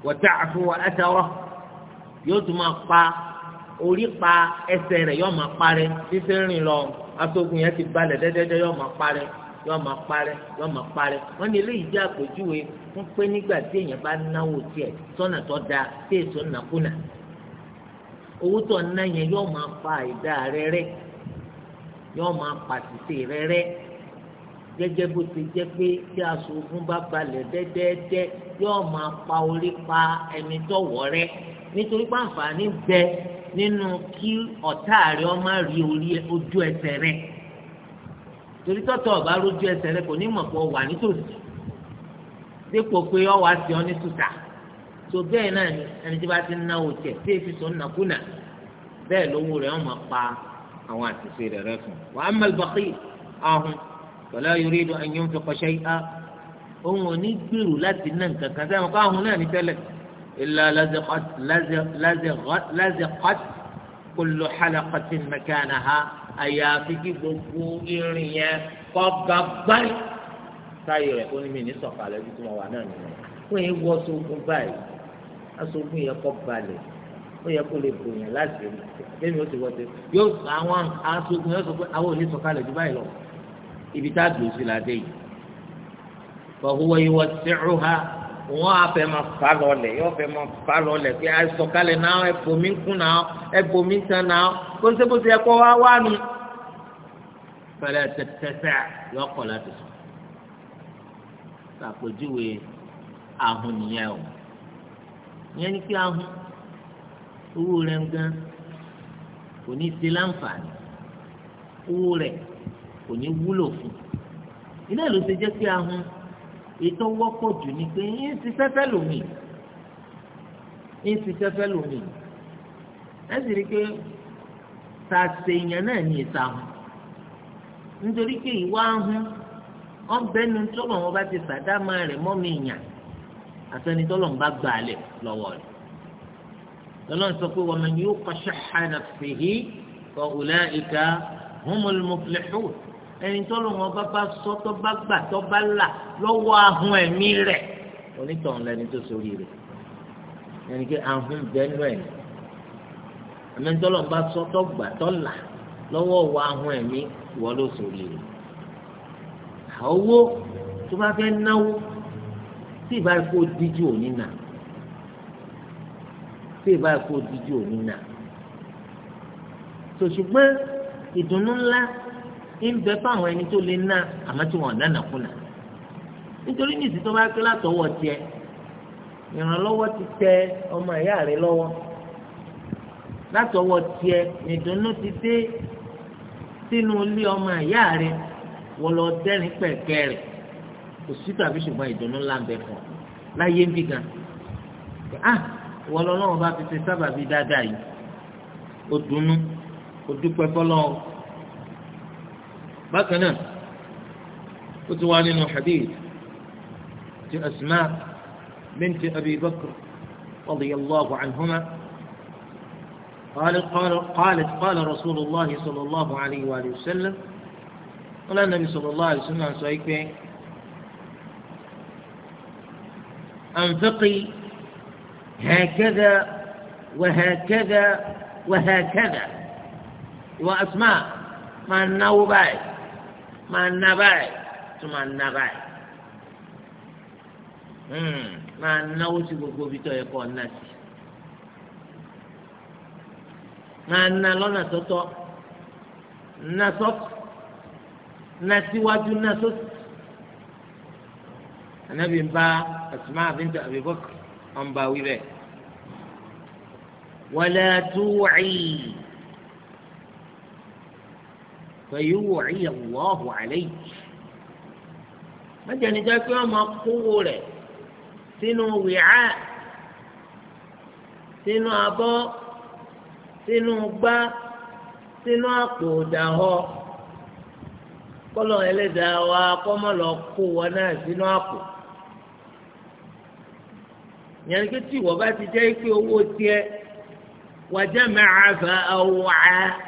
wọ́tá àfihàn ẹ̀tẹ̀rọ̀ yóò tún máa pa orí pa ẹsẹ̀ rẹ̀ yóò máa parẹ́ fífẹ́ rìn lọ aṣogun yẹn ti balẹ̀ dẹ́dẹ́dẹ́ yóò máa parẹ́ yóò máa parẹ́ yóò máa parẹ́ wọ́n ní eléyìí jẹ́ àpèjúwe fún pé nígbà tí èèyàn bá náwó tiẹ̀ sọ́nà tó dáa owó tó ná yẹn yóò máa fa ìdá rẹ rẹ yóò máa pàṣẹ rẹ rẹ gẹ́gẹ́ bó ti jẹ́ pé tí ogun bá balẹ̀ dẹ́dẹ́dẹ́ yóò máa pa orí pa ẹni tó rẹ́ nítorí pé bẹ nínú kí ọ̀tá rẹ ọ rí orí ojú ẹsẹ̀ rẹ torí tọ́tọ̀ ọ̀bá rójú ẹsẹ̀ rẹ kò ní mọ̀ pé wà nítòsí dípò pé ọ sí ọ ní tùtà. tó bẹ́ẹ̀ náà ni ẹni tí bá ti ń náwó tiẹ̀ tí èsì tó ń nàkúnà bẹ́ẹ̀ lówó rẹ̀ wọ́n máa pa àwọn àtìsí rẹ̀ rẹ̀ fún un. wa amma al-baqi ahun wala yuridu an yunfiqa shay'a òun ò ní gbèrú láti ná nǹkan kan sẹ́wọ̀n káwọn náà ní tẹ́lẹ̀ illa lazaqat kullu halaqatin makanaha àyàfi kí gbogbo irin yẹn kọ́ gàgbáyé táyì rẹ̀ ní sọ̀kalẹ̀ bí tí wà náà nìyẹn. wọ́n yẹn wọ́ sógun báyìí aṣogun yẹ kọ́ balẹ̀ ó yẹ kó lè bòyàn láti rí bẹ́ẹ̀ni ó ti wọ́tẹ́ yóò àwọn aṣogun yóò sọ pé àwọn ò ní sọ̀kalẹ̀ jù báyìí lọ ibi tá a dùn sí la dé yìí fọwọ́ ìwọ tẹ̀rù ha wọ́n á fẹ́ máa fà lọ́lẹ̀ yóò fẹ́ máa fà lọ́lẹ̀ pé àìsọ̀kalẹ̀ náà ẹ̀bùnmí kún náà ẹ̀bùnmí tán náà kóńtébóṣe ẹ̀kọ́ wá wá nu fẹlẹ tẹtẹsẹ yọ kọ láti sùn. sàpèjúwe ìyẹn ni pé ahun owó rẹ̀ ń gan kò ní ṣe láǹfààní owó rẹ̀ kò ní wúlò fún iná ló ṣe jẹ́ pé ahun ètò wọ́pọ̀ jù ni pé ń ṣiṣẹ́ fẹ́ lómi ń ṣiṣẹ́ fẹ́ lómi ẹ sì rí i pé tàṣe èèyàn náà ní ìta ahun nítorí pé ìwà ahun ọ̀bẹ́nu tó lọ́wọ́ bá ti sàdámà rẹ̀ mọ́ mi yàn àtẹni tọ́lọ̀ ń bá gbà lẹ̀ lọ́wọ́ rẹ̀ lọ́lọ́run sọ pé waman yuqa shahha nafsihi fa ulaika humul muflihun ẹni tọ́lọ̀ wọn bá bá sọ tó bá gbà tó bá là lọ́wọ́ ahun ẹ̀mí rẹ̀ onítọ̀hún lẹni tó sórí rẹ̀ ẹni pé ahun bẹ́nu ẹ̀ ẹni tọ́lọ̀ ń bá sọ tó gbà tó ahun ẹ̀mí ìwọ ló sórí rẹ̀ tó bá fẹ́ náwó tí ìbá ikú díjú òní nà tí ìbá ikú díjú òní nà sòṣùgbọ́n ìdùnnú ńlá ń bẹ fáwọn ẹni tó lè ná àmọ́ tí wọ́n nánà kùnà nítorí ní ìsìn tó bá ké látọwọ́ tiẹ̀ ìrànlọ́wọ́ ti tẹ ọmọ ìyá rẹ lọ́wọ́ látọwọ́ tiẹ̀ ìdùnnú ti dé sínú ilé ọmọ ìyá rẹ wọ́n dẹ́rìn pẹ̀kẹ́ rẹ̀ kò sí tàbí ṣùgbọ́n ìdùnnú ńlá ń bẹ fún ọ láyé ń bì gan ah wọ́n lọ́wọ́ bá fi ṣe sábàbí dáadáa yìí ó dunnú ó dúpẹ́ fọlọ́ bákan náà ó ti wá nínú hadith ti asma binti abi bakr radiyallahu anhuma قالت قال قالت قال رسول الله صلى الله عليه وآله وسلم قال النبي صلى الله عليه وسلم سأيكبه أنفقي هكذا وهكذا وهكذا وأسماء ما النوباي ما النباي ثم النباي máa náwó sí gbogbo ibi tó yẹ kó ọ̀nà sí máa ná lọ́nà tọ́tọ́ ná sọ́ọ̀tù ná síwájú ná sósì anabi ń bá asma bint Abi Bakr ń bá wí bẹ́ẹ̀. wala tu'i fayu'i Allahu alayk mẹjọ níjọ pé wọn máa kówó rẹ sínú wìhá sínú abọ́ sínú gbá sínú àpò ìdáhọ kọlọ ẹlẹ́dàá wa kọmọlọ kó wọn náà sínú yẹn pé tí ìwọ bá ti jẹ́ pé owó tiẹ̀ wàjẹ́ máa fa ọwọ́ á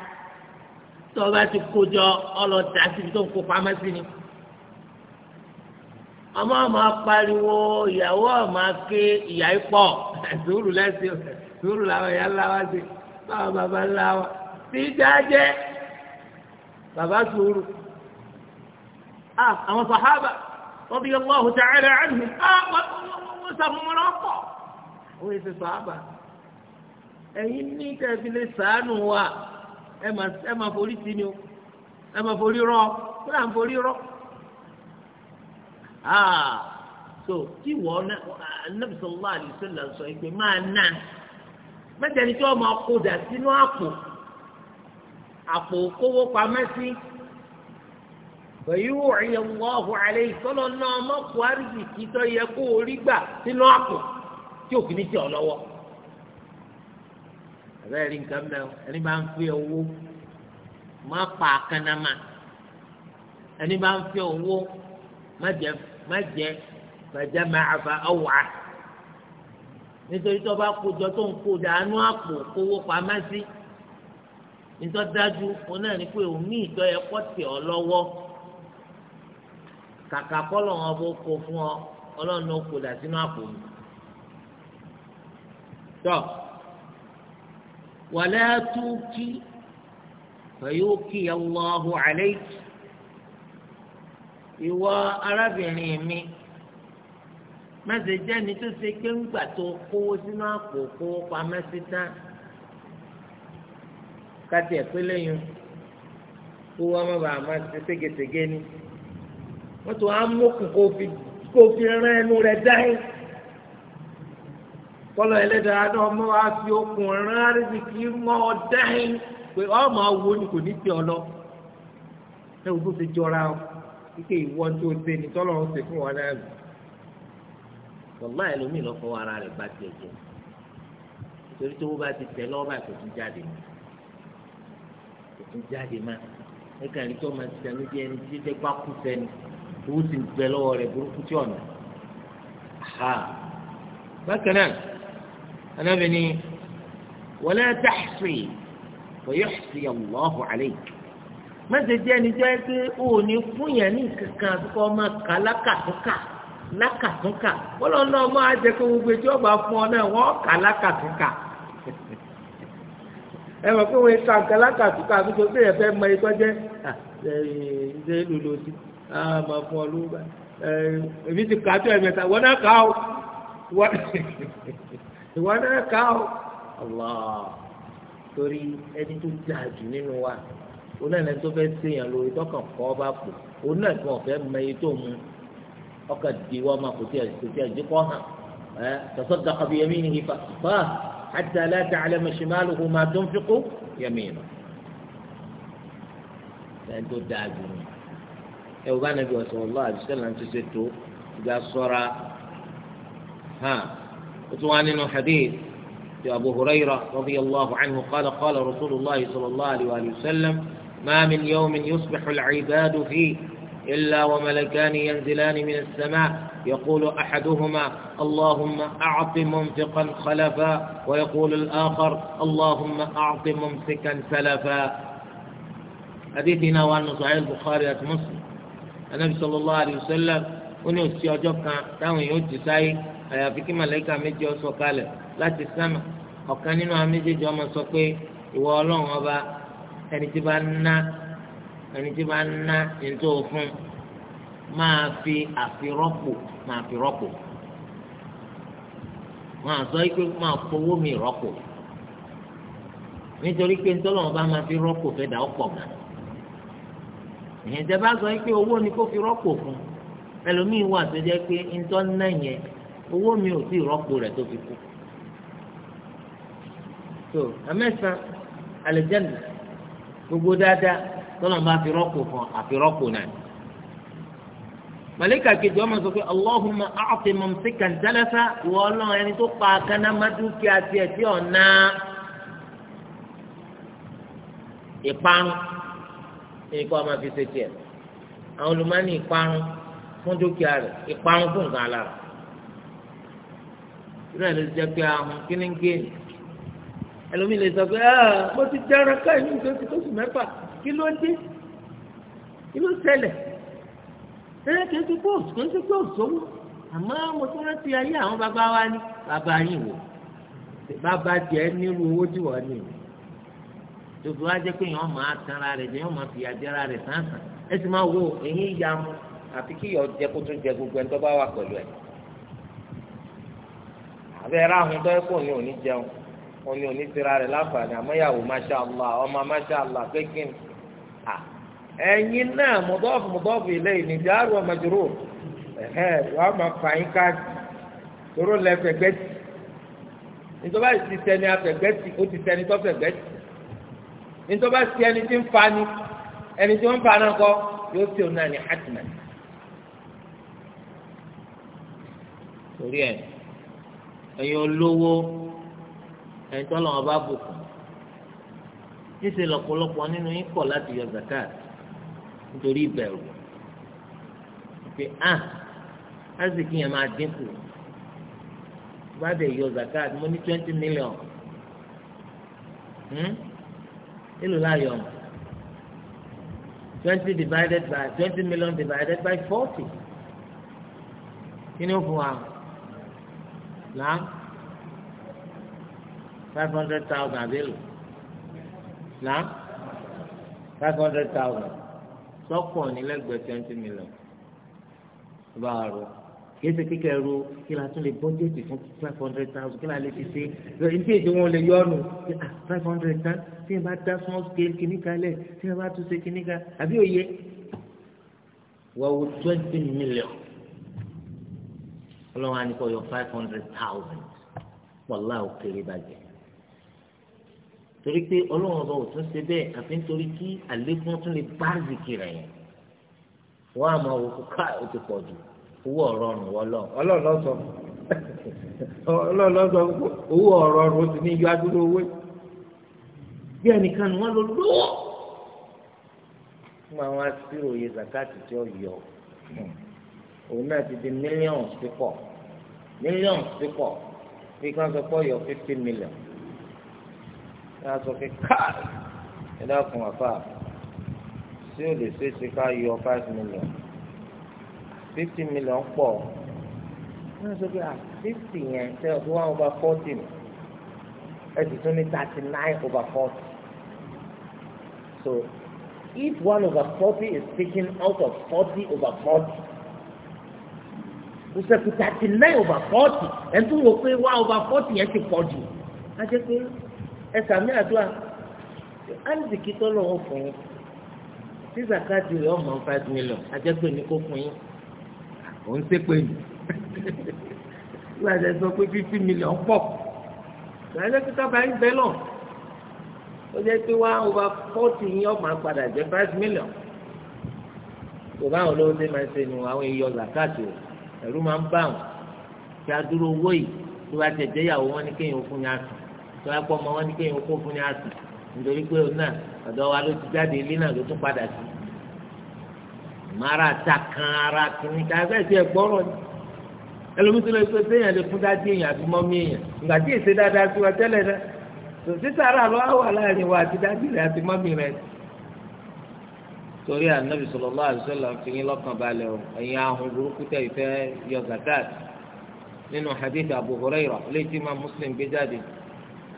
tó o bá ti kójọ ọlọ́dà síbi tó ń kó pamọ́ sí ni ọmọ ọmọ apariwo ìyàwó ọmọ ake ìyá ipọ sùúrù lẹsìn sùúrù làwọn ìyá ńlá wa sí báwọn bàbá ńlá wa sí dájẹ bàbá sùúrù àwọn sàhábà radiyallahu ta'ala anhum wọn sàmúmọ́ra pọ̀. òun èsì sàábà ẹ̀yin ní tẹ̀sí lè sàánù wa ẹ máa forí sí ni o ẹ máa forí rọ forí rọ ah, so tí wọ́n anabi sallallahu alaihi wasallam sọ ìpè máa nà mẹ́tẹ̀ẹ̀ni tí wọ́n máa kó dà sínú àpò àpò kówó pamẹ́ sí bẹ̀yìí wò ẹ̀yẹ wọ́ọ̀hù ìtọ́lọ́ náà yẹ kó o rí gbà sínú àpò. tí òfin ní tí ọ lọ́wọ́ àbẹ́rẹ́ rí nǹkan mẹ́rin ẹni bá ń fi owó má pa àkànnàmà ẹni bá ń fi owó má jẹ má jẹ bàjẹ́ máa fa ọ̀wà nítorí tó bá kójọ tó ń kó dànù àpò kówó pamẹ́ sí nítorí dájú òun náà ní pé òun ní ìjọ yẹ kó tẹ̀ ọ lọ́wọ́ kàkà kọ́ lọ́wọ́ bó kó fún ọ ọlọ́run ló kó dà sínú àpò mi. tọ́ wàlẹ́ àtúntì fẹ̀yọ́kì allahu alayki ìwọ arábìnrin mi mẹsẹ̀ jẹ́ ni tó ṣe pé tó kówó sínú àpò kówó pamẹ́ sí tán kátì ẹ̀ pé lẹ́yìn ni wọ́n á fi rẹ̀ kọlọ ẹlẹ́dàá náà mọ́ wá fi okùn rán àrísìkí mọ́ ọ dáhìn pé ọmọ wo ni kò ní ti ọ lọ ẹ̀rù tó fi jọra ọ ike ìwọ tó ṣe ní tọ́lọ̀ ń ṣe fún wọn náà lò wọ́lá ẹlòmíì lọ́ fọwọ́ ara rẹ̀ bá tiẹ̀ jẹ́ nítorí tó bá ti tẹ̀ lọ́wọ́ báyìí kò tún jáde mọ́ kò tún jáde mọ́ ẹ̀ka ní tó máa ti tẹ̀ lójú ẹni tí tẹ́ bá kú sẹ́ni owó ti ń tẹ̀ lọ́wọ́ rẹ̀ burúkú tí ọ̀nà bákan náà. anábì ni wala tahsi wa yuhsi Allahu alayk mẹ́tẹ̀ jẹ́ ẹni jẹ́ pé o ò ní fún yẹn ní kankan àtúkọ́ ọmọ kà lákàtúnkà lákàtúnkà bọ́lá ọ̀nà ọmọ àjẹ́ pé gbogbo etí fún ọ náà wọ́n kà lákàtúnkà ẹ mọ̀ pé wọ́n ka nǹkan lákàtúnkà àti tó bẹ́ẹ̀ fẹ́ mọ ikọ́ jẹ́ ṣe é lòlò sí ọ lóba èmi ti kà ìwọ náà ká o ọlọ torí ẹni tó dáa jù nínú wa onáìlẹ tó fẹ́ yàn lórí tọkàn kọ ọ bá pò onáìlẹ tó fẹ́ mọ iye tó mu ọkà di diwọ ma kò tí a kò tí a jẹ kọ hàn ẹ tọ́sọ́ tasaddaqa bi yaminihi fa hatta la ta'lama shimaluhu ma tunfiqu yaminuhu ẹni tó dáa jù nínú ẹ wò bá nàbí sallallahu alaihi àbíṣẹ́ ti ṣe tó ìgbà ṣọ́ra hàn. وتوانين حديث أبو هريرة رضي الله عنه قال قال رسول الله صلى الله عليه وآله وسلم ما من يوم يصبح العباد فيه إلا وملكان ينزلان من السماء يقول أحدهما اللهم أعط منفقا خلفا ويقول الآخر اللهم أعط ممسكا سلفا حديثنا وأن صحيح البخاري مسلم النبي صلى الله عليه وسلم ونسي أجبنا تاوي يجي سايه àyàfi kí màlẹ́kà méjì ó sọ̀kalẹ̀ láti sánmà ọ̀kan nínú àwọn méjèèjì ọmọ sọ pé ìwọ ọlọ́run ọba ẹni tí bá ná ẹni tí bá ná ètò òfin máa fi àfirọ́pò máa wọn pé máa fowó mi rọ́pò nítorí pé ntọ́lọ́wọ́n bá máa fi fẹ́ dà ó pọ̀ ìyẹn tẹ bá sọ pé owó ni fi rọ́pò fún ẹlòmíín wà tó jẹ́ pé ntọ́ yẹn owó mi ò tí ì rọ́pò rẹ̀ tó fi kú so àmẹ́sàn alẹ́jẹ́ndì gbogbo dáadáa tọ́lọ̀ bá fi rọ́pò fún àfi rọ́pò náà màlíkà kejì ọmọ sọ pé Allahumma a'ti mumsikan talafa wọ ọlọ́run ẹni tó pa akanámádúkìá tiẹ̀ tí ọ̀nà ìparun ẹni kọ́ ọmọ fi ṣe tiẹ̀ àwọn olùmọ́ni ìparun fún dúkìá rẹ̀ ìparun fún nǹkan alára irú ẹ̀ ló ti jẹ́ pé ahun kíníkì ẹlòmíì lè sọ pé ah, mo ti dára káyọ̀ ní ìdókè tó sùn mẹ́fà kí ló dé kí ló ṣẹlẹ̀ ẹ kì í ti kó kì í ti kó sówó àmọ́ mo tún rántí ayé àwọn bàbá wa ní bàbá yìí wò bàbá tiẹ̀ nírú owó tí wọ́n ní tòtò wá jẹ́ pé yẹn máa tanra rẹ̀ jẹ́ yẹn máa fìyà jẹ́ra rẹ̀ sáǹsàn ẹ sì máa wo èyí ìyá wọn àfi kí yọ jẹ kó tún jẹ gbogbo ẹ̀ tó bá wà pẹ̀lú ẹ̀. abẹ́rẹ́ ahun tó ẹ̀kọ́ ni òní jẹun òní òní tira rẹ̀ láǹfààní allah ọmọ masha allah pékin à ẹ̀yin náà mọ̀dọ́fù mọ̀dọ́fù ilé ìní jáàrú ọmọdúró ẹ̀hẹ́ wàá máa fà yín káàdì tóró lẹ tì nítorí báyìí ti afẹ̀gbẹ́ tì ni ẹni tí fa náà yóò ẹ̀yin olówó ẹ̀yin tó lọ́wọ́ bá bùkún níṣẹ́ lọ́pọ̀lọpọ̀ nínú yín kọ̀ láti yọ zakat nítorí ìbẹ̀rù pé ah azikí yẹn máa dínkù bá dẹ̀ yọ zakat mo ní twenty million hmm? èlò láyọ̀ twenty divided by twenty million divided by forty kí ni ó fún wa náà five hundred thousand àbẹ́lò náà five hundred thousand sọ́kọ̀ nílẹ̀gbẹ̀ẹ́ twenty million bá a rọ kéésì kékeré ro kí la tún lè bọ́jẹ́tì fún five hundred thousand kí la lè fi ṣe ní èdè wọn lè yọ ọ́nù ah, five hundred tán tí yẹn bá dá small scale kìíní kalẹ̀ tí yẹn bá tún ṣe kìíní kalẹ̀ àbí òye wọ́n wo twenty million ọlọ́run á ní kọ́ yọ five hundred thousand wàlá òkèrè bàjẹ́ torí pé ọlọ́run ọba ò tún ṣe bẹ́ẹ̀ àfi nítorí kí àlékún tún lè bá zikira yẹn wọ́n á máa wò kó ká ó ti pọ̀ jù owó ọ̀rọ̀ ọ̀rùn wọ́n lọ owó ọ̀rọ̀ ọ̀rùn ó ti ní iye adúlọ owó bí ẹnìkan ni wọ́n lọ lọ́wọ́ fún àwọn asíròye zakati tí ó yọ òun náà ti di mílíọ̀nù pípọ̀ mílíọ̀nù pípọ̀ bí kan sọ pé ọyọ fifty million ní a sọ pé káàdì ẹ dákun àfà tí o lè ṣe é ká yọ five million fifty million pọ̀ ní a sọ pé à ah, fifty yẹn tẹ ọ tó wá over forty ni ẹ sì tún ní thirty nine over forty so if one over forty is taken out of forty over forty kò sẹ́kù thirty nine over forty ẹ̀ tún wò pé one over forty yẹn ti pọ̀ jù á jẹ́ pé ẹ sàmì àdúrà ánìsìkì tó lọ́wọ́ fún yín tí zakati rẹ̀ ọmọ five million á jẹ́ pé ní kó fún yín òun ṣe pé nù láti sọ pé fifty million pọ̀ láti sọ pé báyìí bẹ́ẹ̀ lọ ó jẹ́ pé one over forty yín ọmọ padà jẹ́ five million kò báwọn ló ń ṣe máa ṣe nù àwọn èèyàn zakati rẹ̀. ẹ̀rú máa ń bá wọn kí a dúró owó yìí tó bá tẹ̀ jẹyàwó wọn ní kéèyàn fún ní ọmọ wọn fún ní nítorí pé òun náà ọ̀dọ̀ wa ló ti jáde ilé náà ló tún padà sí ta kan ara kìíní ká fẹ́ ti ẹ̀ gbọ́rọ̀ ni lè fún dájú èèyàn àti mọ́mí èèyàn ìgbà tí èsè dáadáa sí wa tẹ́lẹ̀ náà wà láàrin wa àti dájú torí ànábì sallallahu alaihi wasallam fi yín lọ́kàn balẹ̀ o ẹ̀yin ahun burúkú tẹ̀ ìfẹ́ yọ zakat nínú hadith Abu Hurairah létí máa Muslim gbé jáde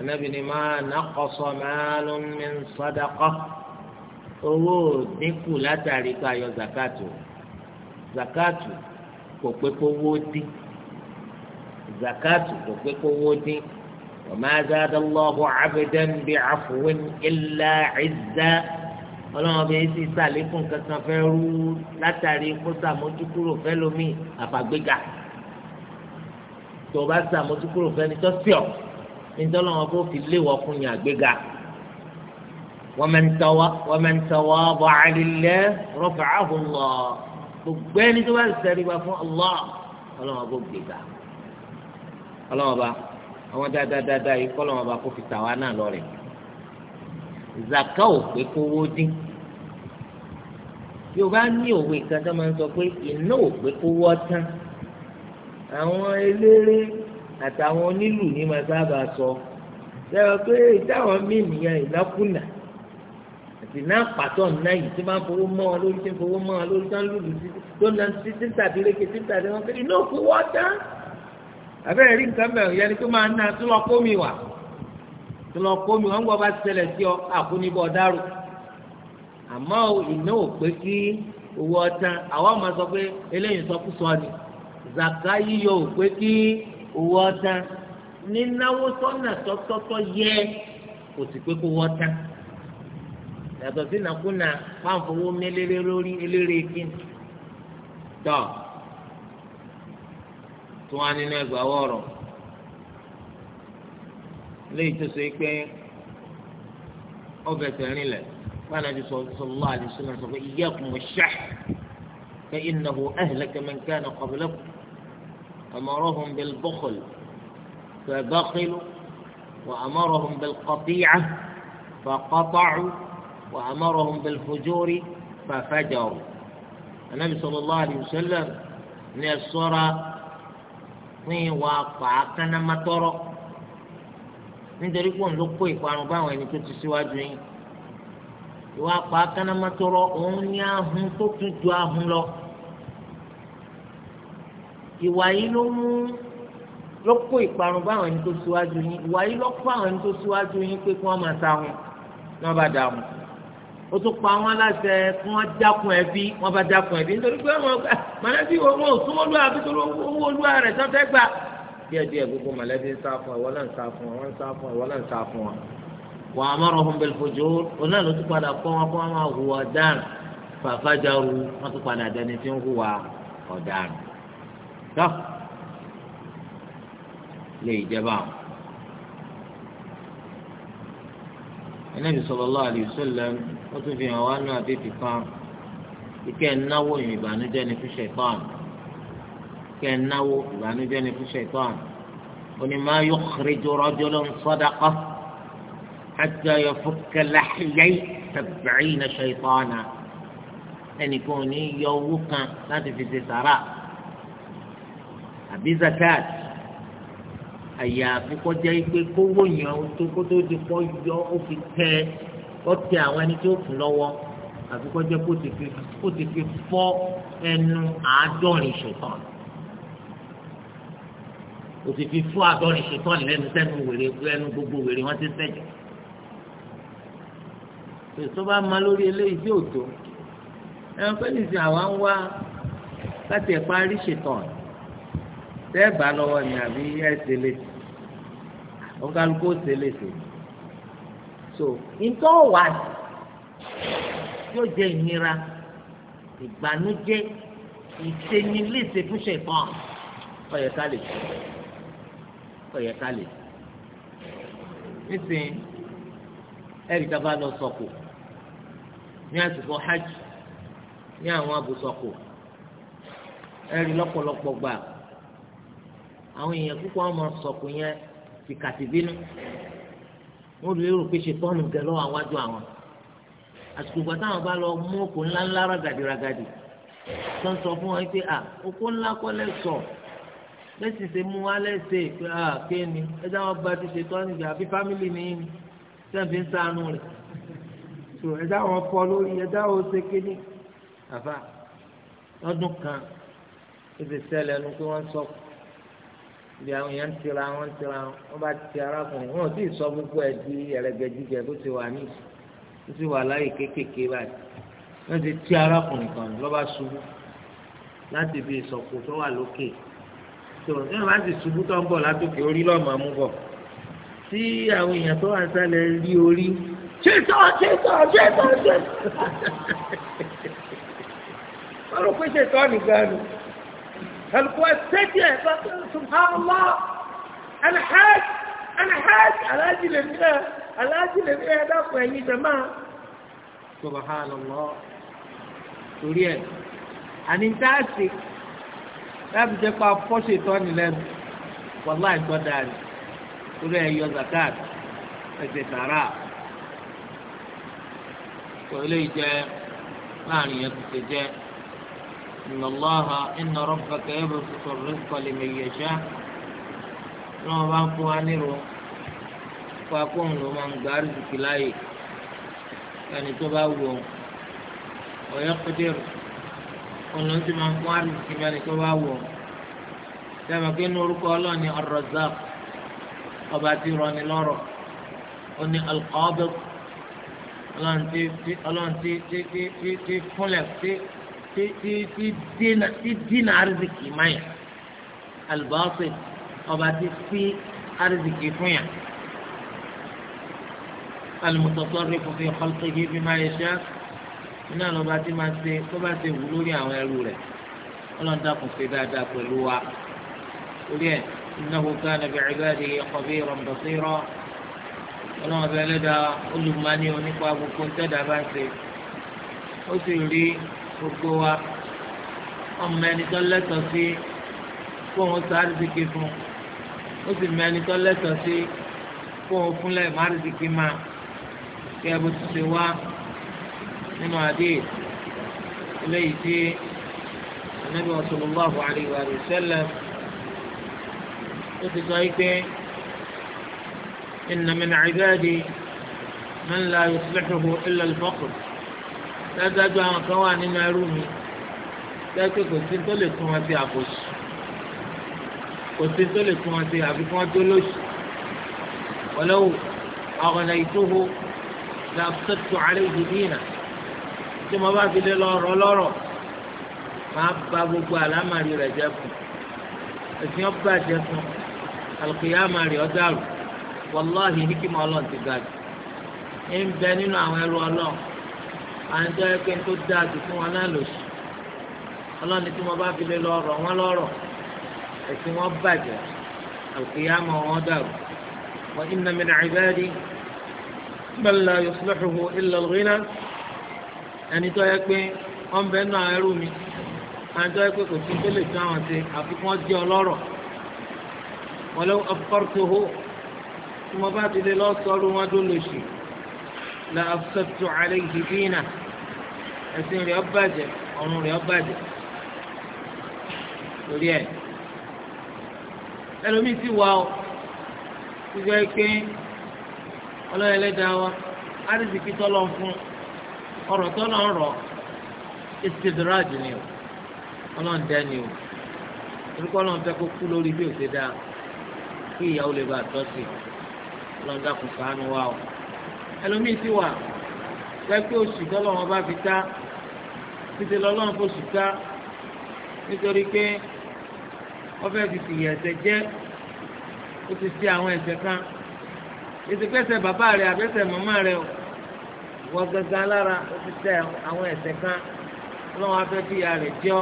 ànábì ni ma naqasa malun min sadaqah owó dínkù látàrí ká yọ zakat o zakat kò pé kówó dín zakat kò pé kówó dín wa ma zada Allahu abdan bi'afwin illa ọlọ́run ọbẹ̀ yìí sì sàlékún kankan fẹ́ rú látàrí kó sàmójúkúrò fẹ́ lómi àfàgbéga tó o bá sàmójúkúrò fẹ́ ni tọ́sí ọ̀ nítorí wọn kó fi lé wọn kún ní àgbéga wa man tawaḍaʿa lillāhi rafa'ahu Allāh gbogbo ẹni tó bá ṣẹríba fún Allah ọlọ́run ọbẹ̀ gbéga ọlọ́run ọba àwọn dáadáa dáadáa yìí kọ́ ọlọ́run ọba kó fi tàwa náà lọ́rẹ̀ẹ́ zaka ò pé kówó dín yorùbá ní òwe kan tó máa ń sọ pé iná ò pé kówó tán àwọn eléré àtàwọn onílù ní máa sábà sọ sẹ́wọ́n pé táwọn míì nìyẹn ìnákùnà ìná pàtó ńná yìí tí máa ń fowó mọ́ ọ lórí tí ń fowó mọ́ ọ lórí tí wọ́n lùlù tó ń lọ sí tàbí léke sí tàbí wọn pé iná òkú wọ́n tán àbẹ́rẹ́ rí nǹkan bẹ̀rù yẹn ni pé máa ń ná tó lọ kó mi wà. tí lọ wọn gbọ́ bá ṣẹlẹ̀ sí ọ àkúnibọ̀ dárò àmọ́ ìná ò pé kí owó ọtán àwọn ọmọ sọ pé eléyìí sọkúsọ ni zaka yíyọ ò pé kí owó ọtán nínáwó sọ́nà tọ́tọ́tọ́ yẹ kò sì pé kó wọ́ tán yàtọ̀ sí nàkúnà pàǹfowó mélèrè lórí eléré kíni léyìí tó ṣe pé ọbẹ̀ tẹ̀rín lẹ̀ fanabi sallallahu alaihi wasallam sọ pé iyyakum wash-shahr fa innahu ahlaka man kana qablakum amarahum bil-bukhl fa bakhilu wa amarahum bil-qati'ah fa qata'u wa amarahum bil-fujuri fa fajaru anabi sallallahu alaihi wasallam ní ẹ ṣọ́ra fún ìwà pàákánná mátọ́rọ́. nítorí pé òun ló kó ìparun báwọn ẹni tó ti síwájú yín ìwà pa kánámátọrọ òun ní ahun tó tún ju ahun lọ ìwà yìí ló mú ló kó ìparun báwọn ẹni tó síwájú yín ìwà yìí ló kó àwọn ẹni tó síwájú yín pé kí wọ́n máa ta wọn ní wọ́n bá dà wọn ó tún pa wọn láṣẹ kí wọ́n dákun ẹbí wọ́n bá dákun ẹbí nítorí pé wọ́n mọ̀lẹ́bí wọn ò súnmọ́ lóyún àbí tó owó olúwa rẹ̀ sọ́fẹ́ gbà díẹ̀ díẹ̀ gbogbo mọ̀lẹ́bí ń sá fún ọ ìwọ náà ń sá fún ọ wọ́n ń sá fún ọ ìwọ náà ń sá fún ọ. wà á mọ̀rọ̀ fún bẹ̀lẹ́fọ̀jọ́ òun náà ló tún padà kọ́ wọn kó wọn máa hùwà ọ̀daràn fàfàjàrú wọn tún padà dẹni tí ń hùwà ọ̀daràn. tó lè jẹba àwọn. Ànábì sallallahu alayhi wa sallam ó tún fi hàn wá náà bí fìkan ike náwó ìrìbànújẹ́ ni fún ṣẹ̀tàn kẹ́ ẹ náwó ìbànújẹ́ ni fún ṣẹ̀tọ́n oní máa yọ xèrèjọ rọ́jò ló ń sọ́dọ̀kọ́ àti ọ̀yọ̀ fúnkẹ́ láhìyẹ́ tàbí na ṣẹ̀tọ́n náà ẹnìkan ò ní yọ owó kan láti fi ṣe sàrà àbí zakat àyàfi kọjá pé kówó yẹn tó kó tó di kọ́ yọ ó fi tẹ ó tẹ àwọn ẹni tó fún lọ́wọ́ àfi kọjá kó ti fi fọ́ ẹnu àádọ́rin ṣẹ̀tọ́n o ti fi fún àdọ́rin ṣetán lẹ́nu sẹ́nu wèrè ẹnu gbogbo wèrè wọ́n ti sẹ́jọ́ tòtò bá ma lórí eléyìí tí ò tó ẹnu pé nìsín àwa ń wá láti ẹ̀pá rí ṣetán tẹ́ẹ̀bà lọ́wọ́ ni àbí ẹ̀sẹ̀ lẹ́sẹ̀ ọ̀gáluko ṣe lẹ́sẹ̀ so nǹkan wà yóò jẹ́ ìnira ìgbànújẹ́ ìṣẹ́ni lẹ́sẹ̀ fún ṣetán ọ̀yẹ̀ká lè ṣe ọ̀yẹ ká lè nísìnyí ẹ̀rí tá a bá lọ sọ̀kò ní àsìkò hajj ní àwọn abùsọ̀kò ẹ̀rí lọ́pọ̀lọpọ̀ gbà àwọn èèyàn púpọ̀ ọmọ sọ̀kò yẹn ti kàtìbínú wọ́n lè rò pé ṣe tọ́nu gẹ̀ lọ́wọ́ àwájú àwọn àsìkò ìgbà táwọn bá lọ mú okò ńlá ńlá ragadi tó ń sọ fún wọn pé à okò ńlá kọ́lẹ̀ sọ̀ lẹ́sìn ṣe mú alẹ́ ṣe pé à ah, kéènì ẹ jẹ́ àwọn gbajú ṣe tọ́ nígbà àbí fámìlì ní yín sẹ́ǹfì ń sànù rẹ̀ tó ẹ jẹ́ àwọn fọ lórí ẹ jẹ́ àwọn ṣe kéènì àfà lọ́dún kan ó ti ṣẹlẹ̀ ẹnu pé wọ́n sọ ibi àwọn èèyàn ń tira wọn ń tira wọn bá ti arákùnrin wọn ò tí ì sọ gbogbo ẹ di ẹrẹgẹdìgẹ bó ti wà ní bó ti wà láyè kéékèèké báyìí wọ́n ti ti arákùnrin kan lọ́ba ṣubú láti ibi ìsọ̀kò tó wà lókè tó ní wọn bá sì ṣubú tó ń bọ̀ látòkè orí lọ́mọ mú bọ̀ tí àwọn èèyàn tó wà sálẹ̀ rí orí ṣètò ṣètò ṣètò ṣètò wọn rò pé ṣètò nìkan ni kálukú ẹ tẹ́tí ẹ bá subhanallah alhaj alhaj alhaji lè ní ẹ alhaji lè ní ẹ dákun ẹ̀yin jẹ̀má subhanallah torí ẹ àní tá a ṣe láti jẹ́ pa fọ́ṣẹ̀ tọ́ni lẹ́nu wàhálà ìtọ́ dáa torí ẹ̀ yọ zakat ẹ̀sẹ̀ sàrà pẹ̀lú ìjẹ́ láàrin yẹn ti ṣe jẹ́ ìnàláha iná rọ́bà kẹ́yẹ́bù sọ̀rọ̀ rẹ́sìkọ̀lì mẹ́yẹ̀ṣá náà bá ń fún wa nírò fún akóhùn ló máa ń gba àrísìkì láàyè ẹni tó bá wù ọ́ ọ̀yọ́ kọ́dẹ́rù. ọ̀nà tí máa ń fún àrísìkí mẹ́rin tó bá wọ̀ sẹ́mi pé ní orúkọ ọlọ́run ni Ar-Razzaq ọba tí lọ́rọ̀ ó ní Al-Qabid ọlọ́run al ọlọ́run tí tí tí tí tí fúnlẹ̀ tí tí tí tí dínà tí dínà àrísìkí mẹ́yà Al-Basit ọba tí sí àrísìkí fún yà Al-Mutatarrif fi khalqihi bima yasha. iná lọba tí máa ṣe tó bá ṣe wù lórí àwọn ẹrú rẹ̀ ọlọ́run dákun ṣe dáadáa pẹ̀lú wa torí ẹ̀ innahu kana bi'ibadihi khabiran basira ọlọ́run ọba ẹlẹ́dàá olùmọ́ni onípa gbogbo ntẹ́dà bá ṣe ó sì rí gbogbo wa ọmọ ẹni tó lẹ́tọ̀ọ́ sí fóun sáré sí kí fún ó sì mọ ẹni tó lẹ́tọ̀ọ́ sí fóun fúnlẹ̀ má máa kí ẹ bó ti ṣe wá. لمعاديه إليه النبي صلى الله عليه وآله وسلم قلت صحيح إن من عبادي من لا يصلحه إلا الفقر لا تدعو أن قواني معلومي لا تكون تنتلي كما في عقص وتنتلي كما في عقص كما تلوش ولو أغنيته لأفسدت عليه دينه tí mo bá fi lé lọ́rọ̀ lọ́rọ̀ máa ba gbogbo àlámàrí rẹ̀ jẹ́ fún ẹ̀sìn ọba jẹ́ fún alùpùpù rẹ̀ ọ̀dàrú wàláhì hikima ọlọ́run ti ga jù ń bẹ nínú àwọn ẹrú ọlọ́run à ń jẹ́ pé tó dáa jù fún wọn náà lòsì ọlọ́run tí mo bá fi lé lọ́rọ̀ wọn lọ́rọ̀ ẹ̀sìn wọn bàjẹ́ alùpùpù wọn dàrú wọ́n iná mi nà ìbẹ́ẹ́dì bẹ́ẹ̀ la yọ̀ ẹni tó yẹ pé wọ́n bẹ nù àwọn ẹrú mi ẹni tó yẹ pé kò sí tó lè tún àwọn ṣe àfikún ọjọ́ ọlọ́rọ̀ wọlé ọkọ̀tòhó tí mo bá ti lè lọ sọ́ọ́rù wọn tó lò sí la afsatu alayhi dina ẹ̀sìn rẹ̀ ọ̀bàjẹ́ ọ̀run rẹ̀ ọ̀bàjẹ́ lórí ẹ̀ ẹlòmíì ti wà ó ti jẹ́ pé ọlọ́yẹlẹ́dàá wa á ti kí tọ́lọ́ fún un ọ̀rọ̀ tó náà rọ̀ istidraj ni o ọlọ́run dẹ́ ni o orúkọ ọlọ́run fẹ́ kó kú lórí bí òṣè dáa kí ìyàwó lè bá tọ́ sí ọlọ́run dákun ṣàánú wa o ẹlòmíì ti wà pẹ́pẹ́ oṣù tọ́lọ́wọ́n bá fi ta títí lọ́lọ́run fò sùn ta nítorí pé ọfẹ́ ti fìyà ẹ̀ṣẹ̀ jẹ́ ó ti ṣe àwọn ẹ̀ṣẹ̀ kan ètò pẹ́sẹ̀ bàbá rẹ̀ àbẹ́sẹ̀ màmá rẹ̀ o wọ́n gángan lára ó ti tẹ àwọn ẹ̀ṣẹ̀ kan ọlọ́wọ́n afẹ́ bí ìyá rẹ̀ jọ́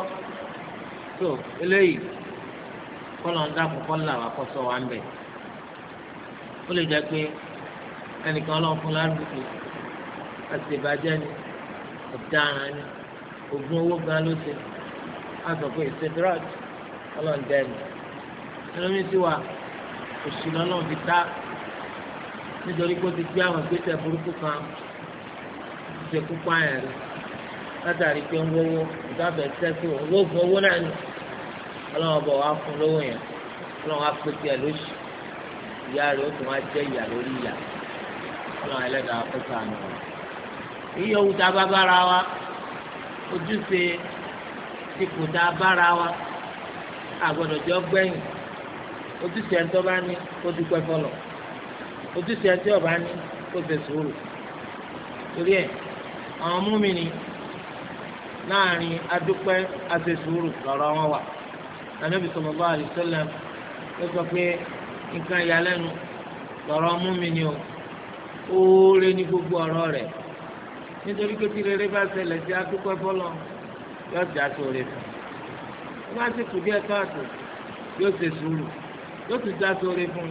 tó eléyìí kọ́lọ̀ ń dàpọ̀ kọ́lá wa kọ́ sọ wa ń bẹ̀. ó lè jẹ́ pé ẹnìkan ọlọ́run fún lárúkú àṣebàjẹ́ ni ọ̀daràn ni ògùn owó gan ló ṣe á sọ pé ìṣèdúrọ̀jì ọlọ́run dẹ́nu. ẹlòmí ti wà òṣìlọ́lọ́run fi tá nítorí pé ó ti gbé àwọn ìgbésẹ̀ burúkú kan ṣe kú pààyàn rẹ̀ látàrí pé ń wówó ìdábẹ̀ sẹ́kù owó fún owó náà ni ọlọ́wọ́ bọ̀ wá fún lówó yẹn ọlọ́wọ́ á pété ẹ̀ lóṣù ìyá rẹ̀ ó tún wá jẹ́ ìyà lórí ìyà ọlọ́wọ́ ẹlẹ́dàá kó sànù wọn. iye owó tá a bá bára wa ojúṣe ipò tá a bára wa àgbọ̀dọ̀jọ́ gbẹ̀yìn ojúṣe ẹni tó bá ní kó dúpẹ́ fọlọ̀ ojúṣe ẹni tí ní kó fẹsùn rò torí ẹ̀ àwọn múmini láàrin adúpẹ́ àṣesùúrù lọ́rọ̀ wọn wà Ànábì sallallahu alaihi wasallam ló sọ pé nǹkan ìyàlẹ́nu múmini o oore ní gbogbo ọ̀rọ̀ rẹ̀ nítorí pé tí bá ṣẹlẹ̀ sí adúpẹ́ fọlọ́ yóò fún un wọ́n á sì díẹ̀ káàtó yóò ṣe sùúrù yóò fún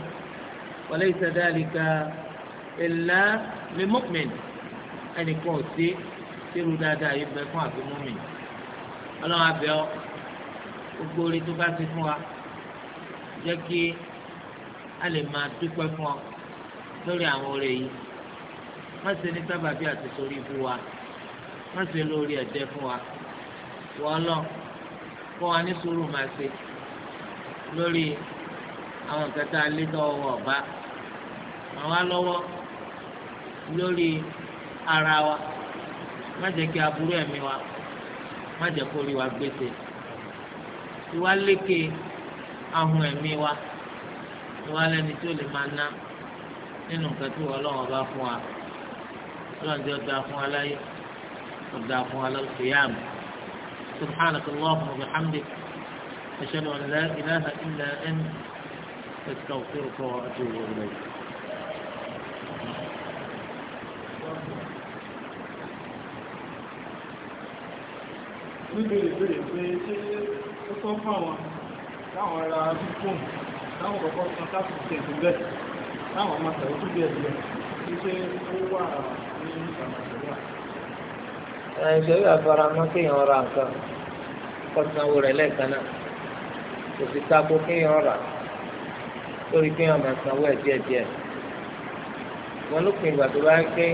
un ẹnìkan ò sí tẹ́lu dáadáa yìí bẹ fún àfi mùmín ọlọ́run abẹ́ ọ gbogbo orí tó bá ti fún wa jẹ́ kí a lè máa dúpẹ́ fún ọ lórí àwọn orí yìí má ṣe ní sábàbí àti sórí ibú wa má ṣe lórí ẹ̀jẹ̀ fún wa wọ́n lọ fún wa ní sùúrù máa ṣe lórí àwọn nǹkan tá a lé lọ́wọ́ ọ̀bá àwọn alọ́wọ́ lórí ara wa má jẹ́ kí aburú ẹ̀mí wa má jẹ́ kó rí wa gbèsè ìwà lékè ahun ẹ̀mí wa ìwà lẹ́ni tó lè máa ná nínú nǹkan tí wọ́n bá fún wa ọlọ́njẹ́ ọ̀dà fún wa ọ̀dà fún wa سبحانك اللهم وبحمدك أشهد أن لا إله إلا أنت أستغفرك وأتوب إليك ní bèrè bèrè pé ṣé ó tọ́ fáwọn táwọn ará fífún táwọn kọ̀ọ̀kan san táàpù tẹ̀ sílẹ̀ táwọn máa tẹ̀wọ́ tó díẹ̀ díẹ̀ kí ṣé ó wà ní ìlànà ìṣẹ̀lẹ̀. nàìjíríà fara mọ́ kéèyàn ra nǹkan kọ́sánwó rẹ̀ lẹ́ẹ̀kan náà kò sì tako kéèyàn rà lórí kéèyàn máa sanwó ẹ̀ díẹ̀ díẹ̀ wọn lópin ìgbà tó bá ń pín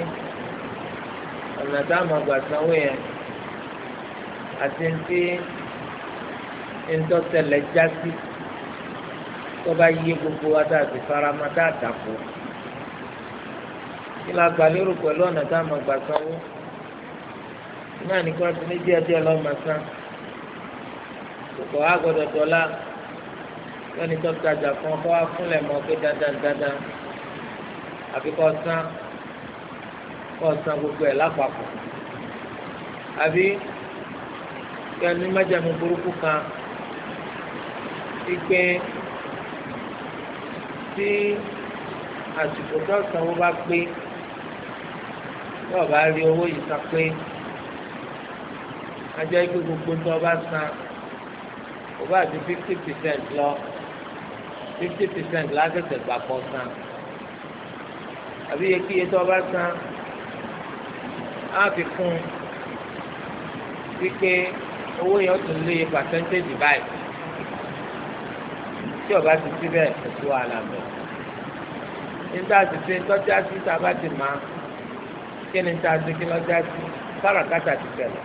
ọ̀nà táwọn àgbà sanwó yẹn àti ntí ntọ́sẹ̀lẹ̀ jásí tó bá yé gbogbo wa tá a sì farama tá a dàpọ̀ kí la gbà lérò pẹ̀lú ọ̀nà tá a máa gbà sanwó náà ní kí wọ́n ti ní díẹ̀ díẹ̀ lọ́ọ́ máa san kòkò á gbọ́dọ̀ dọ́là lẹ́ni tó tajà fún ọ kó wá fúnlẹ̀ mọ́ pé dandan dandan àfi kó san kó san gbogbo ẹ̀ lápapọ̀ àbí yà ní májàmú burúkú kan ìgbẹ́ tí àsìkò tó sanwó bá pé tó o bá rí owó yìí san pé ajá ikú gbogbo tó o bá san o bá ju fifty percent lọ fifty percent lásìkò gbàgbọ́ san àbí iye kíye tó o bá san á fi kún un owó yẹn ó tún lé pàṣẹ́ntéèjì báyìí tí ọba ti sí bẹ́ẹ̀ kò sí wàhálà bẹ́ẹ̀ níta ti ṣe tọ́jú àti sábà ti máa kí ni ta ṣe kí lọ́jọ́ àti káràkátà ti bẹ̀rẹ̀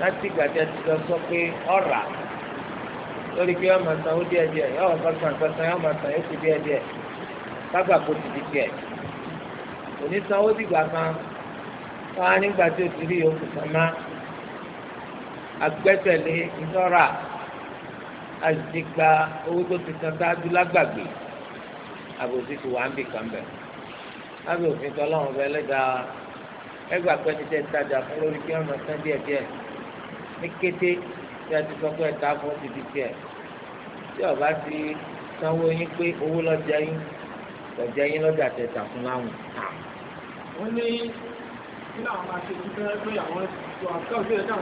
láti ìgbà tí a ti lọ sọ pé ọ̀rà lórí pé ọmọ san ó díẹ̀ díẹ̀ yọ̀ọ́ sọ̀tàn sọ̀tàn yọ̀ọ́ mọ̀ sàn yókù díẹ̀ díẹ̀ kágbà kó ti di tiẹ̀ òní san ó dìgbà kan wọn á nígbà tí o ti rí yòókù sàn máa agbẹ́sẹ̀lé ìnọ́ra àzìgbà owó tó ti san sáájú lágbàgbé àbòsí ti wà ń bì kan bẹ̀. lábẹ́ òfin tọ́lọ́run bẹ lẹ́dàá ẹgbà pẹ́ni tẹ́ tajà fún lórí kí wọ́n máa san díẹ̀ díẹ̀ ní kété tí a ti sọ pé ẹ̀ka fún ti di tiẹ̀ tí ọba ti sanwó yín pé owó lọ́jà yín lọ́jà yín lọ́jà tẹ̀ tà fún láwùn. wọ́n ní na láwọn máa ṣe tí fẹ́ pé àwọn tó àtúntò sọ ìgbà tó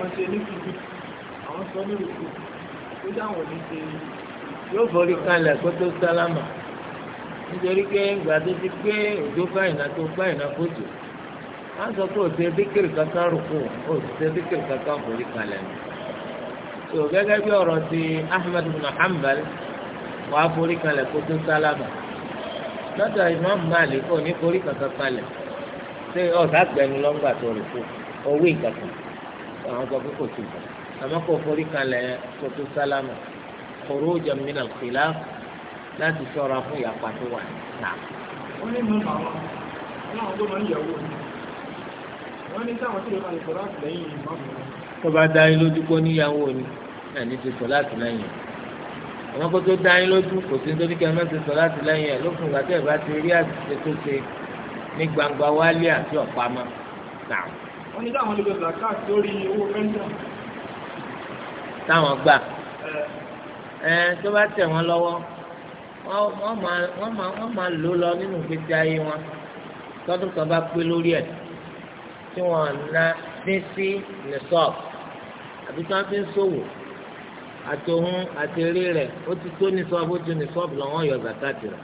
ti pé òjò fáìnà tó fáìnà fòjò á sọ pé òṣè bíkìrì kankan rùkù òṣè bíkìrì kankan forí kalẹ̀ tó gẹ́gẹ́ bí ọ̀rọ̀ ti Ahmad bin wàá forí kalẹ̀ kó tó lọ́dọ̀ ṣé ọ̀sà gbẹnu lọ́ngbà tó rè fún owó ìgbàkan àwọn sọ pé kò sí ìgbà àmọ́ kò forí kalẹ̀ kó tó sálámà kòró jẹ mìíràn kìlá láti ṣọ́ra fún ìyapa tó wà nà. wọ́n ní mú màmá láwọn tó máa ń yẹ̀wò wọ́n ní táwọn tó lè máa sọ láti lẹ́yìn ìmọ̀ọ́mù. tó bá dá yín lójú pé níyàwó ni ẹni ti sọ láti lẹ́yìn àmọ́ kó tó dá yín lójú kò sí nítorí kí ẹ má ti sọ láti lẹ́yìn ẹ̀ lókun ìgbà tẹ́ ẹ bá ti rí àtúnṣe tó ṣe ní gbangba wálé àti ọ̀pamọ́ náà. wọ́n ní táwọn olùgbé zakat lórí owó pẹ́ńtàn. táwọn gbà ẹ tó bá tẹ̀ wọ́n lọ́wọ́ wọ́n máa wọ́n máa wọ́n máa lò lọ nínú ìgbésí ayé wọn tọ́dún kan bá pé lórí ẹ̀ tí wọ́n ná dín sí nìsọ́ọ̀bù àbí tí wọ́n fi ń ṣòwò àti ohun àti eré rẹ̀ ó ti tó nìsọ́ọ̀bù ó ti nìsọ́ọ̀bù lọ́wọ́ yọ zakat rẹ̀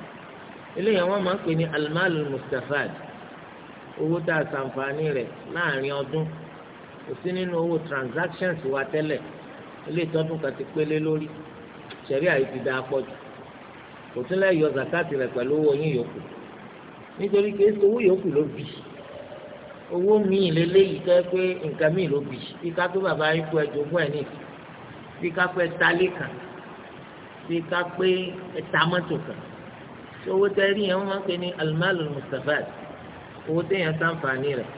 eléyìí wọ́n máa ń pè ní almalu mustafad owó tá a ṣàǹfààní rẹ̀ láàrin ọdún kò sí nínú owó transactions wa tẹ́lẹ̀ ilé ìtọ́dún kan ti pélé lórí ṣẹ̀rí àyè ti dáa pọ̀ jù kò tún lẹ́yìn yọ zakati rẹ̀ pẹ̀lú owó yín yòókù nítorí pé owó yòókù ló bì owó míì lélẹ́yìí tẹ́ pé nǹkan míì ló bì bí ká tó bàbá yín kú ẹjọ́ ẹ̀ ní bí ká pẹ́ talé kan bí ká pé ẹta mọ́tò kan tí owó tẹ́ rí yẹn wọ́n máa ń pè ní almalu mustafad owó tẹ́ yẹn sàǹfààní rẹ̀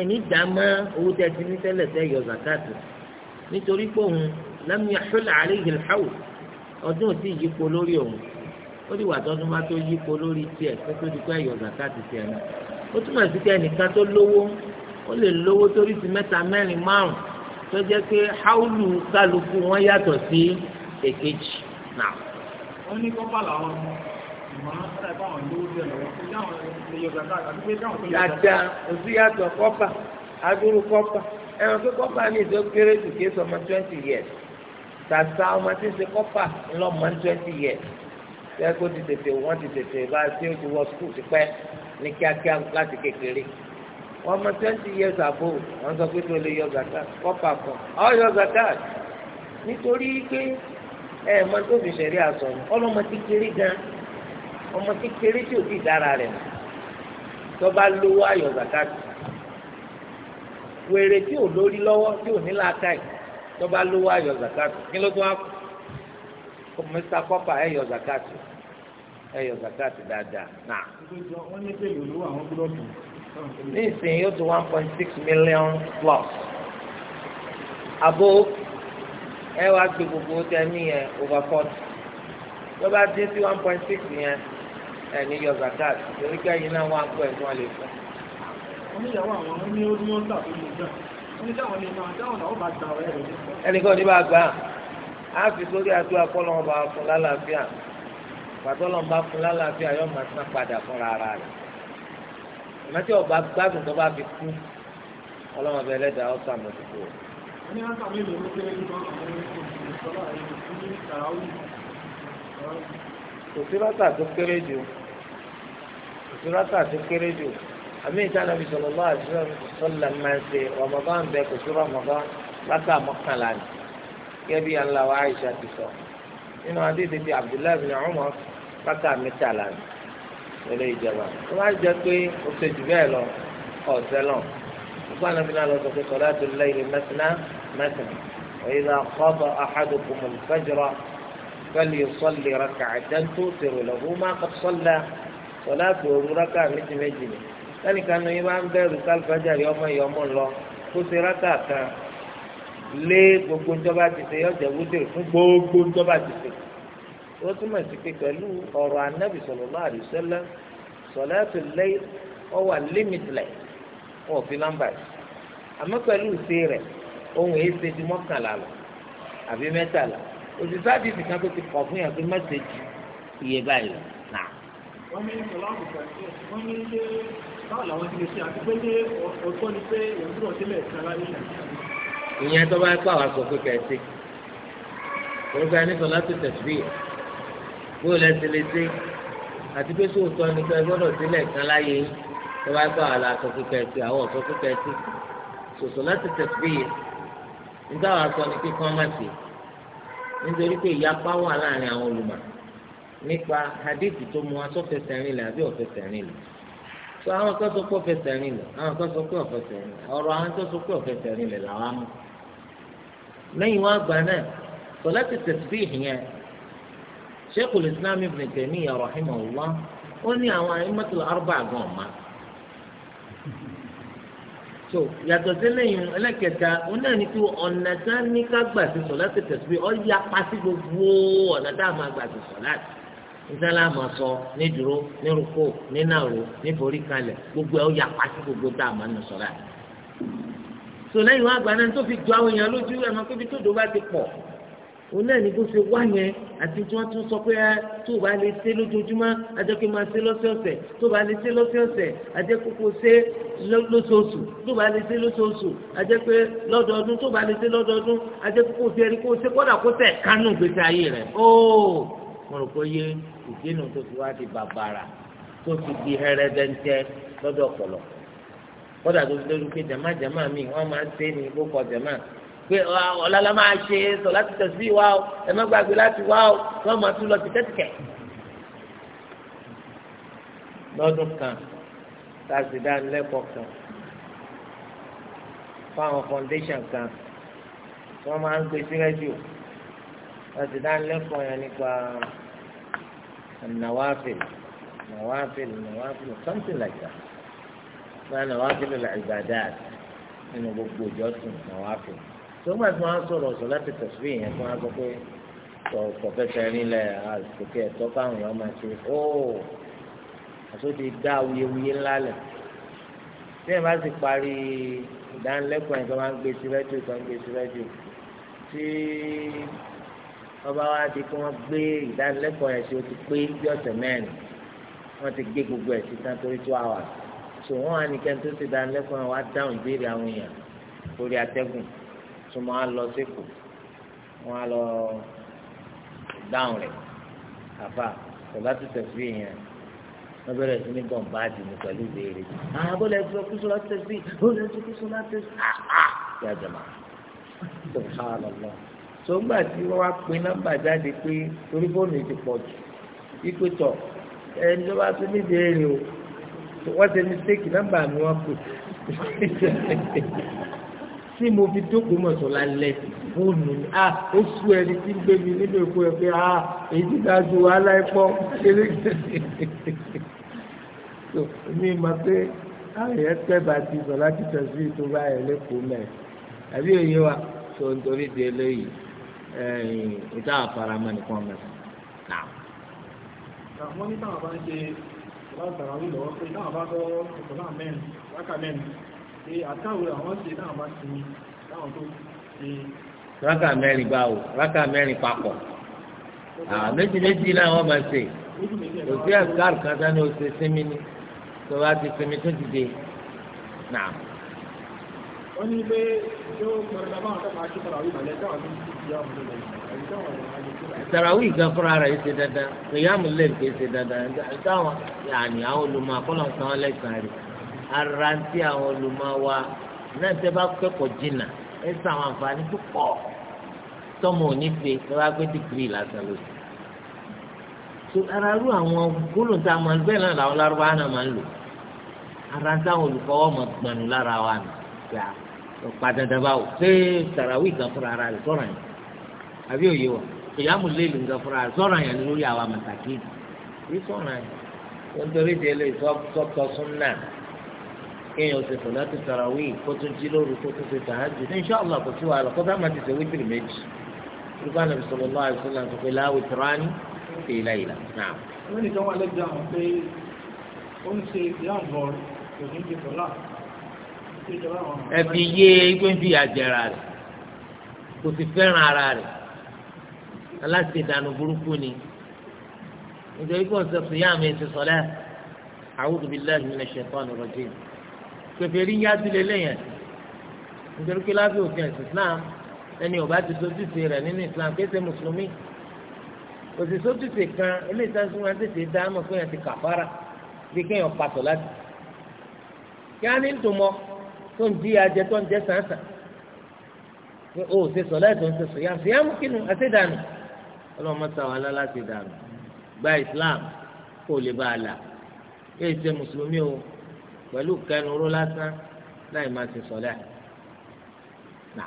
ẹ̀ní dàmọ́ owó tẹ́ ti ní tẹ́lẹ̀ tẹ́ yọ zakat nítorí pé òun lam yahul alayhi al-hawl ọdún ò tí ì yípo lórí òun ó di wà tọdún bá tó yípo lórí tiẹ̀ tó ti pẹ́ yọ zakat tiẹ̀ náà ó túmọ̀ sí pé ẹnìkan tó lówó ó lè lówó torí ti mẹ́ta mẹ́rin márùn tó jẹ́ pé haulu kálukú wọn yàtọ̀ sí èkejì náà. wọ́n ní kọ́pà làwọn mú Dada òsì yàtọ̀ kọ́pà adúrú kọ́pà ẹ̀rọ pé kọ́pà ní ìjọ kéré jù kí sọmọ twenty years tàtà ọmọ tí ń ṣe kọ́pà ńlọ́mọ twenty years ṣẹ́kó ti tètè wọ́n ti tètè bá a ṣe ti wọ skul ti pẹ́ ní kíákíá láti kékeré wọ́n mọ twenty years ago wọ́n sọ pé tó lè yọ gàtà kọ́pà kan ọ̀ yọ gàtà nítorí pé ẹ̀ mọ tó fi ṣẹ̀rí àsọ̀rọ̀ ọlọ́mọ ti kéré gan-an ọmọ kékeré tí òbí dára rẹ̀ mọ̀ tó bá lówó ayọ̀ zakati wèrè tí ò lórí lọ́wọ́ tí ò ní làákàyè tó bá lówó ayọ̀ zakati kí ló tó wá kù mr kọ́pà ẹ̀ yọ zakati ẹ̀ yọ zakati dáadáa náà. ní ìsìn yóò tó one point six million plus abo ẹ wá gbé gbogbo tẹ ní yẹn over forty tó bá dín sí one point six yẹn ẹni yọ zakat torí pé ẹyin náà wà ń kó ẹ̀ tí wọ́n lè fún. oníyàwó àwọn ní ó ní ó ń tà tó lè gbà oníṣàwọn lè máa dáhùn náà ó bá gbà ọ̀rẹ́ rẹ̀. ẹnìkan ní bá gbà á fi sórí àti akọ́lọ́ ọba fún lálàáfíà pàtọ́lọ́ ń bá fún lálàáfíà yóò máa san padà fúnra ara rẹ̀ ìmọ̀tí ọba gbádùn tó bá fi kú ọlọ́mọ bẹ lẹ́dàá ó sàmù òdìbò. wọ́n ní wọ́n sàmì ìlú ló kéré nípa àwọn ìṣòro ìṣòro àìsàn ní kàráwì. kò sí bàtà tó kéré jù kùsùrọ́tà ti kéré jù àmì ìtànàbí sọ̀rọ̀ lọ́wọ́ àdúrà sọ́lá máa ń ṣe Ramadan bẹ kùsùrọ̀ Ramadan látà mọ́kànlá ni gẹ́gẹ́ bí ànlá wa Aisha ti sọ nínú adéde bíi Abdullahi bin Umar látà mẹ́tàlá ni lọ́lẹ́ ìjọba tó bá jẹ́ pé o ṣe jù bẹ́ẹ̀ lọ ọ̀sẹ̀ lọ nípa náà lọ sọ pé kọ̀dá tó lẹ́yìn mẹ́tìnà mẹ́tìnà وإذا قضى أحدكم الفجر فليصلي ركعة توتر له ما قد صلى sọlá tó múrákà méjì méjì ni sẹ́nìkan ní bá ń bẹ̀rù kálífàjárì ọmọ yìí ọmọ ńlọ kó ṣe rákà kan lé gbogbo ńjọba ti ṣe yọjẹ wúdìrì fún gbogbo ńjọba ti ṣe ó túmọ̀ sí pé pẹ̀lú ọ̀rọ̀ anábì sallallahu alaihi wasallam sọlá tó lẹ́yìn ọ wà límìtìlẹ̀ wọn ò fi nọ́mbà yìí àmọ́ pẹ̀lú ìṣe rẹ̀ ohun èyí ṣe ju mọ́kànlá lọ àbí mẹ́tàlá òṣìṣẹ́ àdìsí kan tó ti kọ̀ fún yàtọ̀ mẹ́sẹ̀jì iye báyìí náà wọ́n ní ìsọ̀láàmù pẹ̀lú wọ́n ní ṣe báwọn làwọn ti lè ṣe àti pé ọ̀tọ́ ni pé ìyàmúrò sílẹ̀ sára ní ìyẹn tó bá pa àwọn àgbọ̀ pé kẹ̀sí orúkọ ẹni sọ láti tẹ̀síbí bí ó lẹ́sẹ̀ lè ṣe àti pé sóòtọ́ ni pé gbọ́dọ̀ sílẹ̀ kan láyé tó bá pa àwọn àgbọ̀ kẹ̀sí àwọn ọ̀tọ́ kẹ̀sí sòtò láti tẹ̀síbí nígbà wàá sọ ni pé kọ́ ṣe nítorí pé ìyapa wà láàrin àwọn olùmọ̀ọ́ nípa hadithi tó mu aṣọ fẹsẹ̀ rìn lẹ̀ àbí ọ̀fẹsẹ̀ rìn lẹ̀ tó àwọn kan sọ pé ọ̀fẹsẹ̀ rìn lẹ̀ àwọn kan sọ pé ọ̀fẹsẹ̀ rìn lẹ̀ ọ̀rọ̀ àwọn kan sọ pé ọ̀fẹsẹ̀ rìn lẹ̀ làwọn mú. lẹ́yìn wá gbà náà sọlá ti tẹ̀síbí ìhìyẹn Sheikhul Islam Ibn Taymiyyah rahimahullah ó ní àwọn àyèmọ́tò arúgbó àgọ́ ọ̀ma. tó yàtọ̀ sí lẹ́yìn ẹlẹ́kẹta ó náà ní kí ọ̀nà ní ká gbà sí sọlá ti tẹ̀síbí ọ̀ ìsàlámù sọ ní dúró ní rúkó ní nàró ní forí kalẹ̀ gbogbo ẹ̀ ó yà pàṣẹ gbogbo tá a máa ń sọ láti. sọlẹ́yìn wá gbaná tó fi ju àwọn èèyàn lójú ẹ̀ máa kébi tó dò bá ti pọ̀ òun náà ní kó ṣe wá yẹn àti tí wọ́n tún sọ pé tó o bá lè ṣe lójoojúmọ́ ajẹ́ kí n máa ṣe lọ́sọ̀ọ̀sẹ̀ tó o bá lè ṣe lọ́sọ̀ọ̀sẹ̀ ajẹ́ kó ṣe lóṣooṣù tó bá lè ṣe lóṣooṣù ajẹ́ pé tó bá lè ṣe lọ́dọọdún ajẹ́ kó ṣe ẹni ṣe kódà kó tẹ̀ kánú gbèsè ayé rẹ̀ óò mo rò yé ìdínú tó fi wá di bàbàrà tó fi di hẹrẹdẹńtẹ lọ́dọ̀ pọ̀lọ̀ kódà tó fi lórí pé jàmá jàmá mi wọ́n máa ń ṣe ní ìkókọ̀ jàmá pé ọ̀làlá máa ṣe sọ láti tẹ̀sí wa o ẹ má gbàgbé láti wá o wọ́n máa tún lọ sí tẹ́tìkẹ̀. lọ́dún kan tá a sì dá nílẹ́kọ̀ọ́ kan fáwọn foundation kan wọ́n máa ń gbé sí rẹ́díò láti dá nílẹ́kọ̀ọ́ yẹn nípa. النوافل نوافل نوافل something like that ما نوافل العبادات إنه بوجود نوافل ثم ما صلوا صلاة التسبيح يعني ما بقول tọ̀fẹ́fẹ́ nílẹ̀ àtòkè ẹ̀tọ́ káwọn èèyàn máa ṣe ó àtúntì dá wuyewuye ńlá lẹ̀ tí ẹ̀ bá sì parí ìdánilẹ́kọ̀ọ́ yẹn tó máa ń gbé sí rẹ́díò tó ń gbé sí rẹ́díò tí wọ́n bá wá di kí wọ́n gbé ìdánilẹ́kọ̀ọ́ yẹn sí o ti pé bí ọ̀sẹ̀ mẹ́rin wọ́n ti gbé gbogbo ẹ̀ sí tán torí two hours so wọ́n á ní kẹ́ni tó ti dánilẹ́kọ̀ọ́ yẹn wá dáhùn ìbéèrè àwọn èèyàn lórí atẹ́gùn tó máa lọ sékò wọ́n á lọ dáhùn rẹ̀ àbá tọ́lá tó tẹ̀sí yẹn wọ́n bẹ̀rẹ̀ sí ní bọ̀m̀báàdì ní pẹ̀lú ìbéèrè àbọ̀lẹ̀ ah, ẹ̀sọ́ kúsùlá tẹ̀sí ó lẹ́sọ́ kúsùlá tẹ̀sí àhà ah, ah, yàjọ̀mọ̀ (laughs) subhanallah sọgbà tí wọ́n wá pín nọ́mbà jáde pé torí fóònù ti pọ̀ jù ipe tọ̀ ẹni tó bá tún níbi èrè o wọ́n ṣe mistake nọ́mbà mi wọ́n pè tí mo fi dókòó mọ̀tò lálẹ́ fóònù ni a ah, ó sú ẹni tí ń gbé mi nínú èkó ẹ pé a ah, èyí ti dájú wàhálà ẹ pọ́ kéré tó mi mọ̀ pé àwọn èèyàn tẹ́ bá ti sọ láti tẹ̀sí ìtura ẹ̀ lẹ́kọ̀ọ́ mẹ́ẹ̀ àbí òye wa tó ń di eléyìí ìta àfaramọ́ nìkan mẹ́fà náà. wọ́n ní táwọn bá ń ṣe látara wí lọ́wọ́ pé táwọn bá lọ ọ̀pọ̀ náà mẹ́rin láka mẹ́rin pé àtàwọn àwọn ṣe táwọn bá ti táwọn tó ṣe. rákà mẹ́rin báwo rákà mẹ́rin papọ̀ méjì méjì náà wọ́n máa ṣe kò sí àkàrù kan sani o ṣe sinmi ni tó bá ti sinmi tó ti dé náà. wọ́n ní pé yóò pẹ̀lú àwọn tó máa ṣe tàràwí ìbàlẹ̀ táwọn tarawih gan fúnra rẹ̀ ṣe dandan kìyàmù lè ké ṣe dandan táwọn yàní àwọn olùmọ̀ akọ́lọ̀ san án lẹ́sàn-án rẹ̀ ara wa náà tẹ́ bá jina, jìnnà ẹ sàn àwọn àǹfààní tó pọ̀ tọ́mọ òní fe ẹ bá gbé dìgírì lásán lóṣù. so ara rú àwọn gbólóhùn tá a máa ń bẹ́ẹ̀ náà làwọn lárúbá náà máa ń lò ara ń táwọn olùkọ́wọ́ mọ̀ gbọ̀nù lára wa nù gbà pàtàkì báwo ṣé tarawih gan fúnra rẹ̀ sọ̀rọ̀ yẹn àbí òye wọ ìyàmù léèlú nǹkan fúnra sọ̀rọ̀ àyàn lórí àwa màtàkì yìí sọ̀rọ̀ àyàn wọn torí di eléyìí sọtọ súnà kéèyàn ṣe fòlá ti tarawí kó tún jí lóru kó tún ṣe tàájú ní sọ́ọ̀lá kò sí wàhálà kó bá má ti ṣe wítìrì méjì nígbà náà sọ̀rọ̀ lọ́wọ́ àìsàn náà sọ pé láwùí tìrání ṣe ilá ìlà náà. wọ́n ní káwọn alẹ́jọ́ àwọn pé ó yé ikú ń fi àjẹrà rẹ̀ kò sì fẹ́ràn ara rẹ̀ aláṣẹ ìdànù burúkú ni nítorí pé ọ̀sẹ̀ tó yá àmì ẹ̀sẹ̀ sọ̀lẹ́ a'udhu billahi minash shaitanir rajim kèfèrí yá sí lélẹ́yìn nítorí pé lábẹ́ òfin ẹ̀sìn Islam ẹni ó bá ti sojúṣe rẹ̀ nínú Islam kéṣe mùsùlùmí kò sì sojúṣe kan eléyìí sáà tí wọ́n tètè dá mọ̀ fún yẹn ti kàfàrà bí kéèyàn pàtó láti kí á ní ntòmọ́ tó ń di ajẹ tó ń jẹ sàǹsàn pé o ṣe sọ̀lá ẹ̀ ń ṣe sọ̀yà sọ̀yà mú kínú àti dànù ọlọ́run mọ́ta wà láláṣẹ dànù gba islam kó o lè bá a là yéé ṣe mùsùlùmí o pẹ̀lú kẹnuró lásán láì máa ṣe sọ̀lẹ́ nà.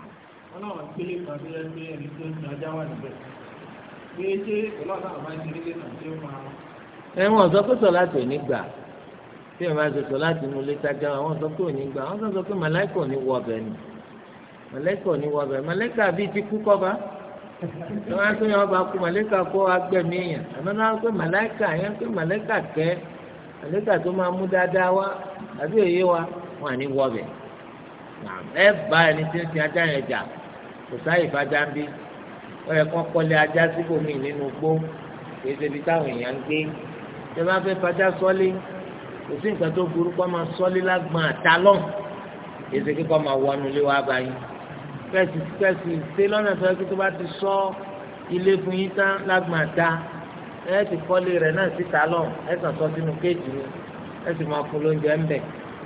ọlọ́run gbélé kan tó yẹ pé ẹni tó ń tún ajá wà níbẹ̀ pé ṣé ọlọ́run àwọn máa ń ṣe nílé náà tí ó máa. ẹ wọn sọ pé sọ láti òní gbà tí ẹ máa ṣètò láti inú ilé tájá wọn sọ pé òní gbà wọn sọ pé màláìkà òní wọ ọbẹ ni màláìkà òní wọ ọbẹ màláìkà bíi ti kú kọ́ lọ́wọ́ yẹn pé ọba kú màlẹ́kà kó agbẹ̀mí yẹn àmọ́ náà pé màlẹ́kà yẹn pé màlẹ́kà kẹ́ màlẹ́kà tó máa mú dáadáa wá àbí òye wa wọn à ní wọbẹ̀ ẹ bá ẹni tí ń sin ajá yẹn jà kò sáyè fàjà ń bí ó yẹ kó kọ́lé ajá síbòmí nínú gbó kì ṣe ibi táwọn èèyàn ń gbé bá fẹ́ sọ́lé kò sí nǹkan tó burú kó máa sọ́lé kẹsì kẹsì ṣe lọ́nà tó yẹ kó bá ti sọ ilé fún yín tán lágbàdá ẹ ti kọ́lé rẹ̀ náà síta lọ ẹ sàn sọ sínú kéèjì ni ẹ sì máa fún lóúnjẹ ń bẹ̀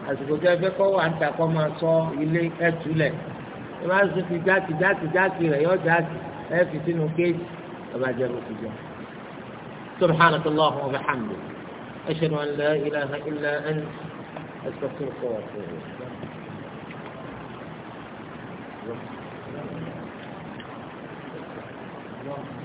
àsìkò tó yẹ kọ́ wà ń ta kọ́ máa sọ ilé ẹ túlẹ̀ ẹ máa sọ fi jáàkì jáàkì jáàkì rẹ̀ yọ jáàkì ẹ fi sínú kéèjì ẹ bá jẹ́ lóṣù jọ. سبحانك اللهم وبحمدك أشهد أن لا إله إلا أنت أستغفرك وأتوب إليك wasallam